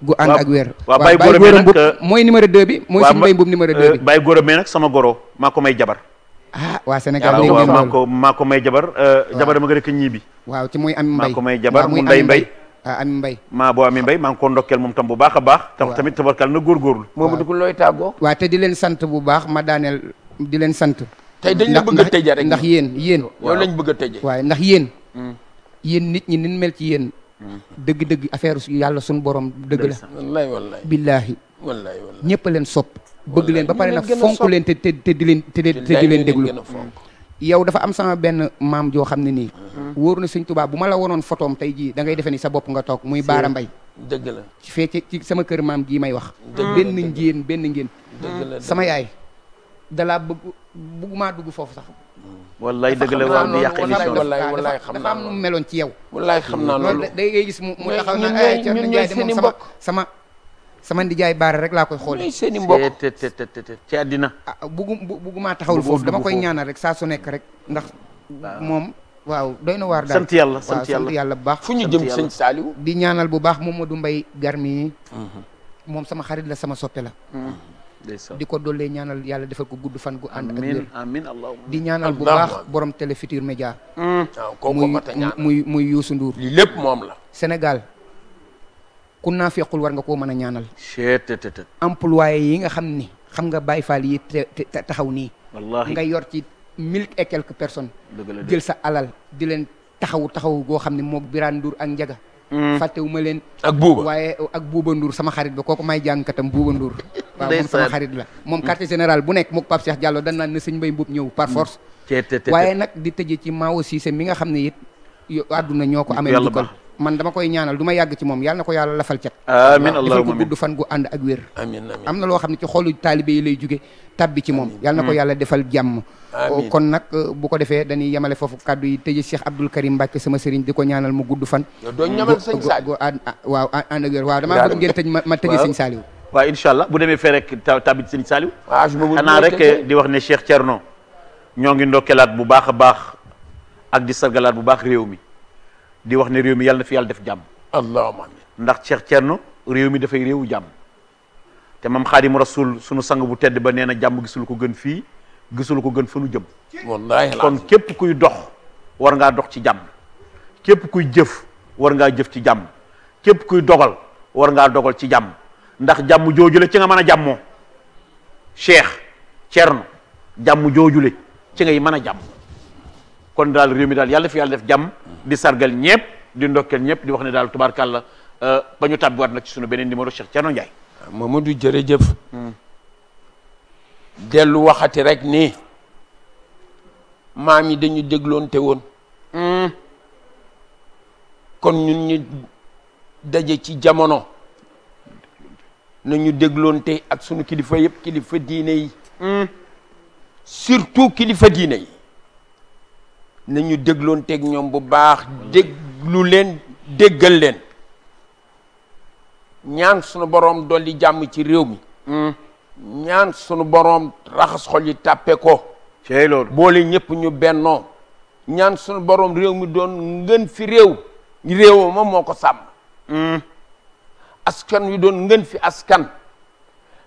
gu and ak wër waaw Baye Gora mi nak moy numéro 2 bi moy sun bay mbub numéro 2 euh, bi bay Gora mi nak sama goro maa ko may jabar ah wa Sénégal léegi maa ko maa ko may jabar euh, jabar ma nga rek ñibi waaw ci moy am mbay maa ko may jabar mu nday mbay Ah, ami mbay maa boo ami mbay maa ngi ko ndokkeel moom tam bu baax a baax tam tamit ta na góorgóorlu Mamadou ko looy tàggoo te di leen sant bu baax ma daaneel di leen sant tey dañ la bëgg a tëjee rek ndax yéen yéen yow lañ bëgg a tëjee waaw ndax yéen hmm. yéen nit ñi nin mel ci yéen hmm. dëgg-dëgg affaire yàlla suñu borom dëgg la wallahi wallahi billaahi wallahi wallahi ñëpp a leen sopp bëgg leen ba pare nag fonk leen te te di leen te di leen déglu yaw dafa am sama benn maam joo xam ne nii mm-hmm. wóor na sëñ Tuubaa bu ma la wonoon fotoom tey jii da ngay defe ni sa bopp nga toog muy Baara Mbay dëgg la feece ci sama kër maam gii may wax benn ngéen benn ngéen sama yaay dalaa bëgg ma dugg foofu sax wallaay dëgg la waaw yàq émission dafa am nu meloon ci yaw wallaay xam naa loolu day ngay gis mu taxaw na ay ñun ñooy seen i mbokk sama sama ndijaay baare rek la koy xoolee seen i mbokk ci àddina ah, ah, buggu buggumaa taxawul foofu dama koy ñaanal rek sa su nek rek ndax ah. mom waaw doyna war waar daal sant yalla sant yalla sant yalla bax fuñu jëm seigne saliw di ñaanal bu bax Mamadou Mbaye Garmi mom mhm. sama xarit la sama soppe la mhm. di ko dollee ñaanal yalla defal ko gudd fan gu and ak amin amin allahumma di ñaanal bu bax borom Télé Futurs Médias mhm. muy muy muy Youssou Ndour li lepp mom la Sénégal ku naafiqul war nga ko meuna a ñaanal employé yi nga xamni xam nga bay Fall yi taxaw wallahi nga yor ci mille et quelques personnes jël sa alal di len taxaw taxaw go xamni mo biran dur ak Njaga hmm. fàttewuma len ak buuba waye ak buuba Ndour sama xarit ba koko may jàngkatam buuba Ndour waaw mom sama xarit la mom quartier général bu nek mok pap Cheikh Diallo dañ nan na seigne mbey Mbuub ñew par hmm. force waye nak di tëje ci Maawo Siise mi nga xamni yit aduna ñoko amé ko man dama koy ñaanal du ma yàgg ci moom yàlla ko yàlla lafal cat amiin defal ko gudd fan gu ànd ak wér amiin amiin am na loo xam ne ci xolu taalibe yi lay jóge tabbi ci moom yàlla na ko hmm. yàlla defal jàmm oh, kon nag uh, bu ko defee dañuy yemale foofu kàddu yi tëje Cheikh Abdoul Karim Mbacke sama sëriñ di ko ñaanal mu gudd fan doo ñamal sëñ Saliou ah, waaw ànd ak wér damaa bëgg ngeen tëj ma tëje sëñ Saliou waaw incha allah bu demee fee rek tabbi ci sëñ Saliou ah, xanaa rek di wax ne Cheikh Thierno ñoo ngi ndokkelaat bu baax a baax ak di sargalaat bu baax réew mi di wax ne rew mi yalla na fi yalla def jam. allahumma ndax Cheikh Thierno rew mi fay rew jam. te mam khadim rasul sunu sang bu tedd ba neena jam gisul ko gën fi gisul ko gën fa jëm wallahi kon kep kuy dox war nga dox ci jam kep kuy jëf war nga jëf ci jam kep kuy dogal war nga dogal ci jam ndax jàmm joojule ci nga mëna a jàmmoo Cheikh jam. ci ngay mëna kon dal réew mi daal yàlla fi yalla def jam di sargal ñepp di ndokkeel ñepp di wax ne daal euh bañu tabbi wat nak ci sunu benen numéro Cheikh Thierno Ndiaye. Mamadou jërëjëf. Hmm. delu waxati rek ni maam yi dañu dégloonte woon. Hmm. kon ñun ñu dajé ci jamono nañu deglonté ak sunu kilifa yépp kilifa diiné yi. Hmm. surtout kilifa diiné yi. nañu dégloon teg ñoom bu baax déglu leen déggal leen ñaan sunu boroom dolli jàmm ci réew mi hmm. ñaan sunu boroom raxas xol tàppe ko cey boole ñëpp ñu bennoo ñaan sunu boroom réew mi doon ngën fi réew réew ma moo ko sàmm hmm. askan wi doon ngën fi askan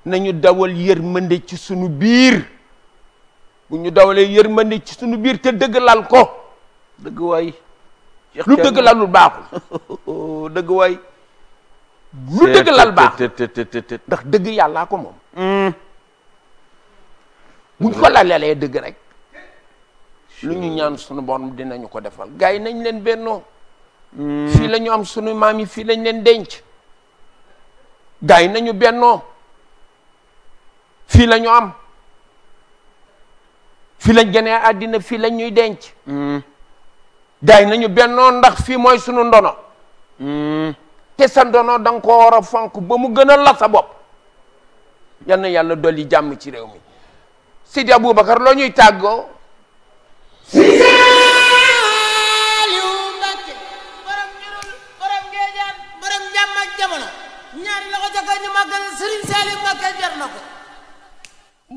nañu dawal yërmande ci sunu biir bu ñu dawalee yërmande ci suñu biir te dëgg lal ko dëgg waay lu dëgg lalul baaxul dëgg waay dëgg lal baax ndax dëgg yàllaa ko moom hmm. buñ ko lalalee dëgg rek lu ñu ñaan sunu borom dinañu ko defal gars yi nañ leen bennoo hmm. fii la ñu am sunu maam yi fii lañ leen denc gars yi nañu bennoo fii la ñu am fi lañ gënee àddina fi lañ ñuy denc daay mm. nañu bennoo ndax fii mooy sunu ndono mm. te sa ndono da ko war a fonk ba mu gën a la sa bopp yàlla na yàlla dolli jàmm ci réew mi Sidi Aboubacar loo ñuy tàggoo ñaari loxo ca kaw jar na ko.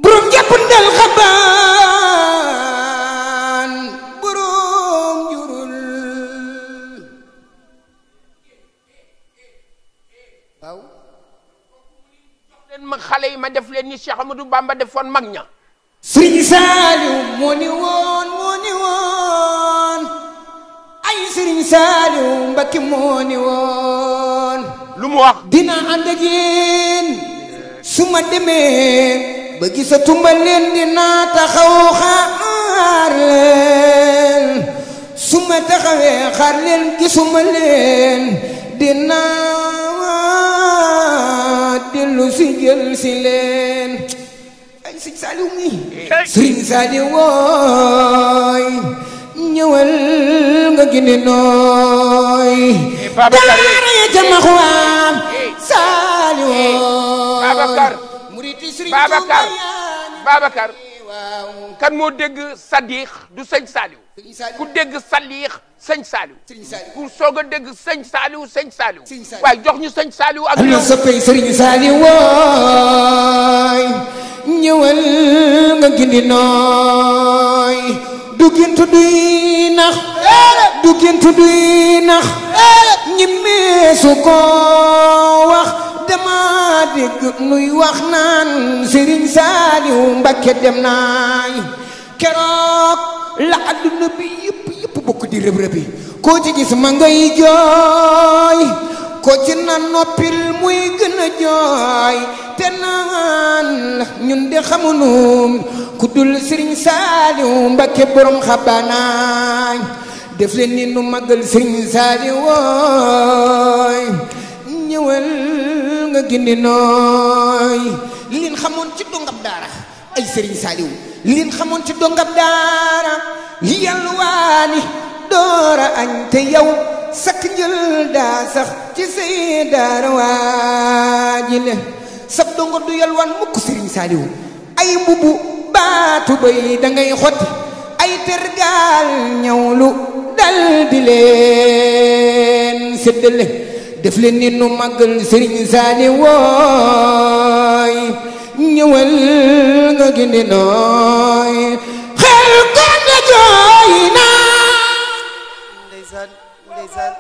burum jàpp ndel xabaar. xale yi ma def leen ni Cheikh Amadou Bamba defoon mag ña. Sëriñ Saaliw moo ni woon moo woon ay Sëriñ Saaliw Mbàkke moo ni woon. lu mu wax. dina ànd ak yéen su ma demee ba gisatuma leen dinaa taxaw xaar leen su taxawee xaar leen gisuma leen dinaa. dellu si jël si leen ay sëñ Saliou mi sëñ Saliou wooy ñëwal nga gindi nooy daara ya ca maxwaam Saliou wooy kan moo dégg Sadix du sëñ Saliou. ku dégg Sadix sëñ Saliou. ku soog a dégg sëñ Saliou sëñ Saliou. waaye jox ñu sëñ Saliou ak. ana soppay sëriñ Saliou waay ñëwal nga gindi nooy du gént duy nax. du gént duy nax. ñi meesu ko dama dégg nuy wax naan Serigne Saliou Mbacké dem naay keroog la adduna bi yëpp yëpp bokk di rëb-rëbi koo ci gis ma ngay jooy ko ci na noppil muy gën a jooy te naan ñun de xamunum ku dul Serigne Saliou Mbacké borom xabanaay def leen ni nu magal Serigne Saliou wooy nga gindi nooy liin xamoon ci dongab daara ay sëriñ saaliw liin xamoon ci dongab daara yàlla doora añ te yow sakk njël daa sax ci say daara waaji le sab dongo du yalwaan mukk sëriñ saaliw ay mbubu baatu bay dangay xotti ay tergaal ñawlu dal di leen def leen ni nu màggal Sëriñ Saali wooy ñëwal nga gindi nooy xel kon na jooy naa ndeysaan ndeysaan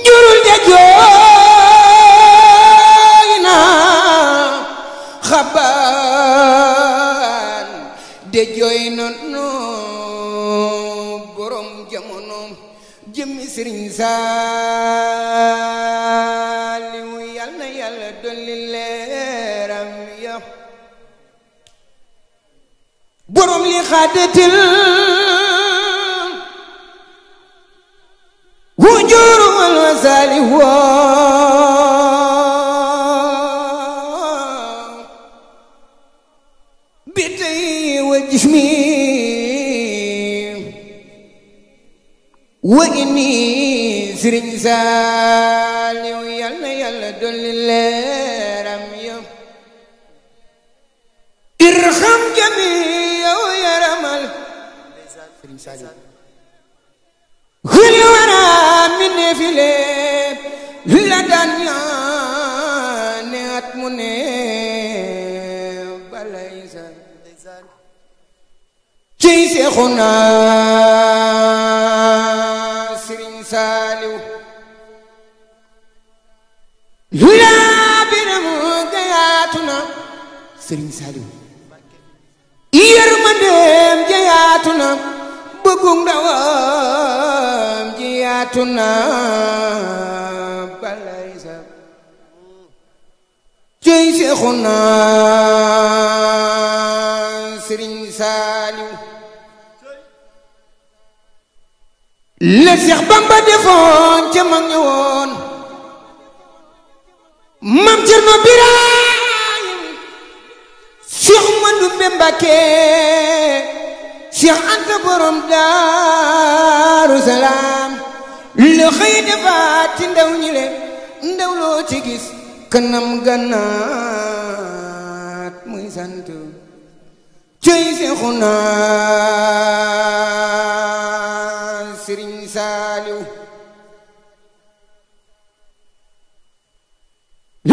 njurul ja jooy سال ويلا يلا دل الليرم يا بروم لي خادتل وجور والوسال هو بيتي وجسمي وإن ni Sëriñ Saaliw yal na yàlla dolli leeram yow irham jami yow yaramal Sëriñ Saaliw xul wara mi ne la daan ne balay sa cey seexu saaliw lu yaa bi na mu jayaatu na sëriñ saaliw yërmandeem jayaatu le Seex Bamba defoon ca mag ña woon mam Cerno Birahim Seex Mandumbe Mbàkke Seex Anta borom Daaru Salaam lu xëy defaat ci ndaw ñi ndaw loo ci gis kanam gannaat muy sant coy Seexuna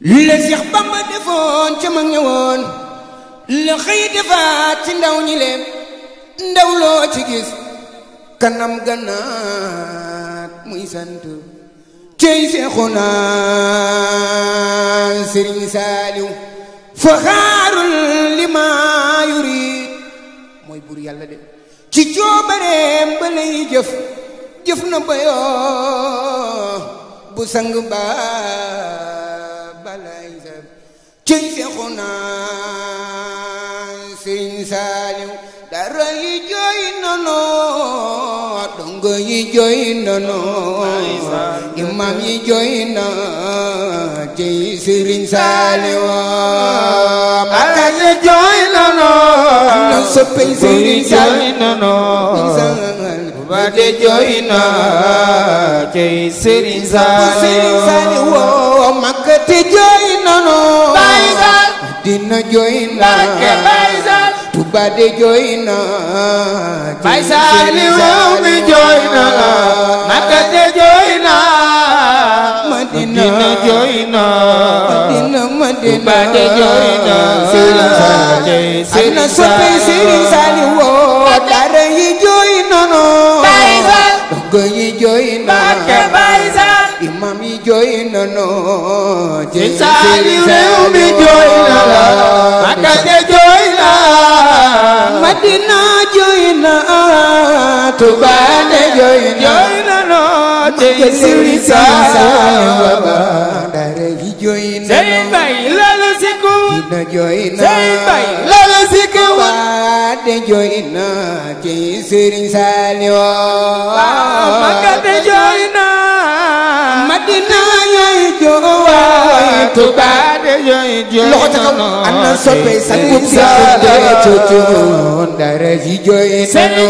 la Seex Bamba defoon ca ma ñëwoon la defaat ci ndaw ñi leen ndaw loo ci gis kanam ganaat muy sant cey Seexuna Sëriñ Saaliw fa xaarul li maa yurit mooy buur yàlla de ci coobareem ba lay jëf jëf na bayoo bu sang baa cey Seexuna Sëriñ Saaliw dara yi jooy nanu dongo yi jooy nanu imam yi jooy na cey Sëriñ Saaliw bala yi jooy nanu xa soppey Sëriñ Saaliw nanu ba nó jooy na cey Sëriñ Saaliw Sëriñ Saaliw makka chơi jooy nanu dina de jooy naa Baye Saliou mi jooy naa Makka de jooy naa Madina de jooy naa Serigne Saliou am na woo dara jooy noonu dogo yi jooy maam yi jooy na noo sëñ Saaliw réew mi jooy na la Makka ja jooy na Madina jooy na àddina yooyu joowaay tubaade yooyu jooy loxo ca kaw am na soppe sax bu saa dara coocoon dara ji jooy nanu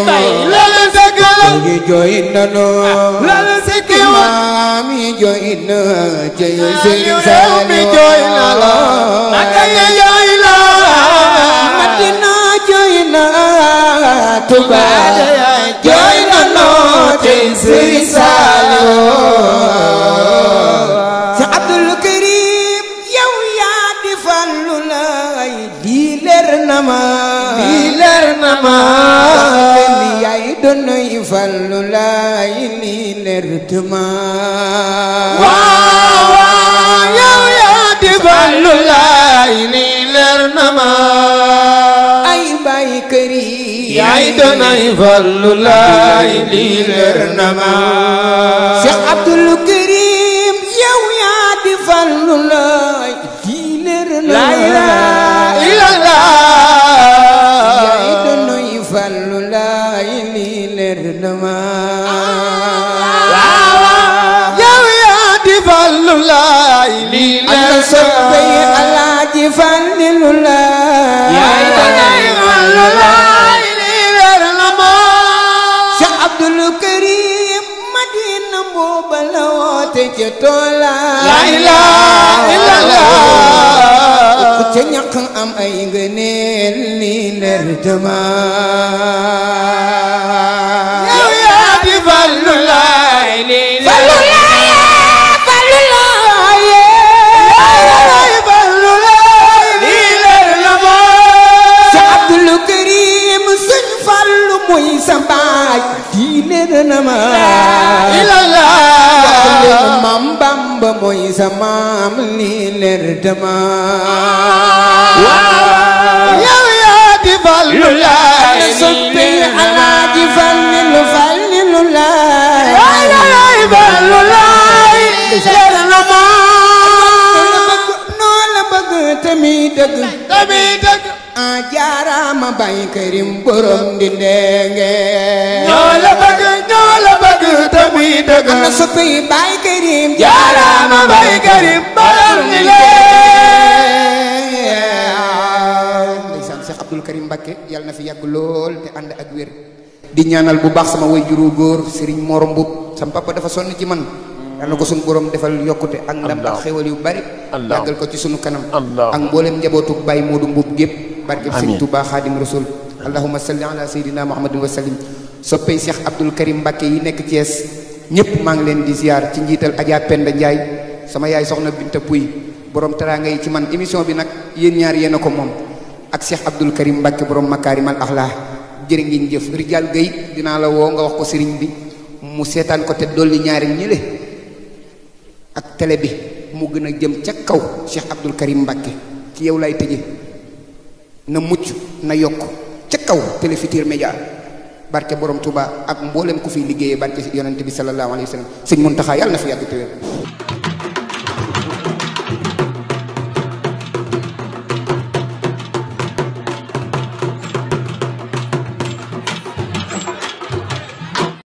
lala sa kalam ji jooy nanu lala sa kalam maam yi jooy na jëy sëriñ Saaliw mi jooy na la akaya jooy la àddina jooy na tubaade na ma bii na ma yaay doonay fallu laay nii leer tuma waaw waaw yow na ma ay baay këri yaay doonay fallu laay nii leer na ma soppay alaaji Fàllilu la yaay dangay wàllu laay li wér na moom Cheikh Abdul Karim Madina booba la woote ca toola laa ilaaha illallaah ca ñàkk am ay ngëneel li leer jama yow yaa di Fàllilu la sa baay diine dana ma ilalla leen maam Bamba mooy sa maam li leer dama ah. yow yaa laay ni soppi alaa di lu fal lu laay yow yaa laay leer na ma noo la bëgg tamit dëgg bay kërim borom di ndenge ñoo la bëgg ñoo la bëgg te muy dëgg am na soppi borom di ndenge ndeysaan Cheikh Abdoul Karim Mbacké yàlla na fi yàgg lool te ànd ak wér di ñaanal bu baax sama way juru góor Serigne Mor Mboup sama papa dafa sonn ci man yàlla na ko suñu borom defal yokkute ak da ak xéwal yu bari yàggal ko ci suñu kanam ak mboolem njabootu Baye Modou Mboup gépp barkeb sëñ Tuubaa xaadim rasul allahuma salli ala sayyidina muhammadin wa sallim soppey Cheikh Abdoul Karim Mbacke yi nekk Thiès ñëpp maa ngi leen di ziar ci njiital Adja Penda Ndiaye sama yaay soxna Binta Pouy borom teraanga yi ci man émission bi nag yéen ñaar yéen a ko moom ak Cheikh Abdoul Karim Mbacke borom makaarimal axlaa jërë ngeen jëf Rijal Gueye dinaa la woo nga wax ko sëriñ bi mu seetaan ko te dolli ñaari ñële ak télé bi mu gën a jëm ca kaw Cheikh Abdoul Karim na mucc na yokk ca kaw Télé Futurs Médias barke borom tubaab ak mboolem ku fiy liggéeyee barke yonent bi sallallahu alayhi wa sallam sëñ Muntaxa yàlla na fi yàgg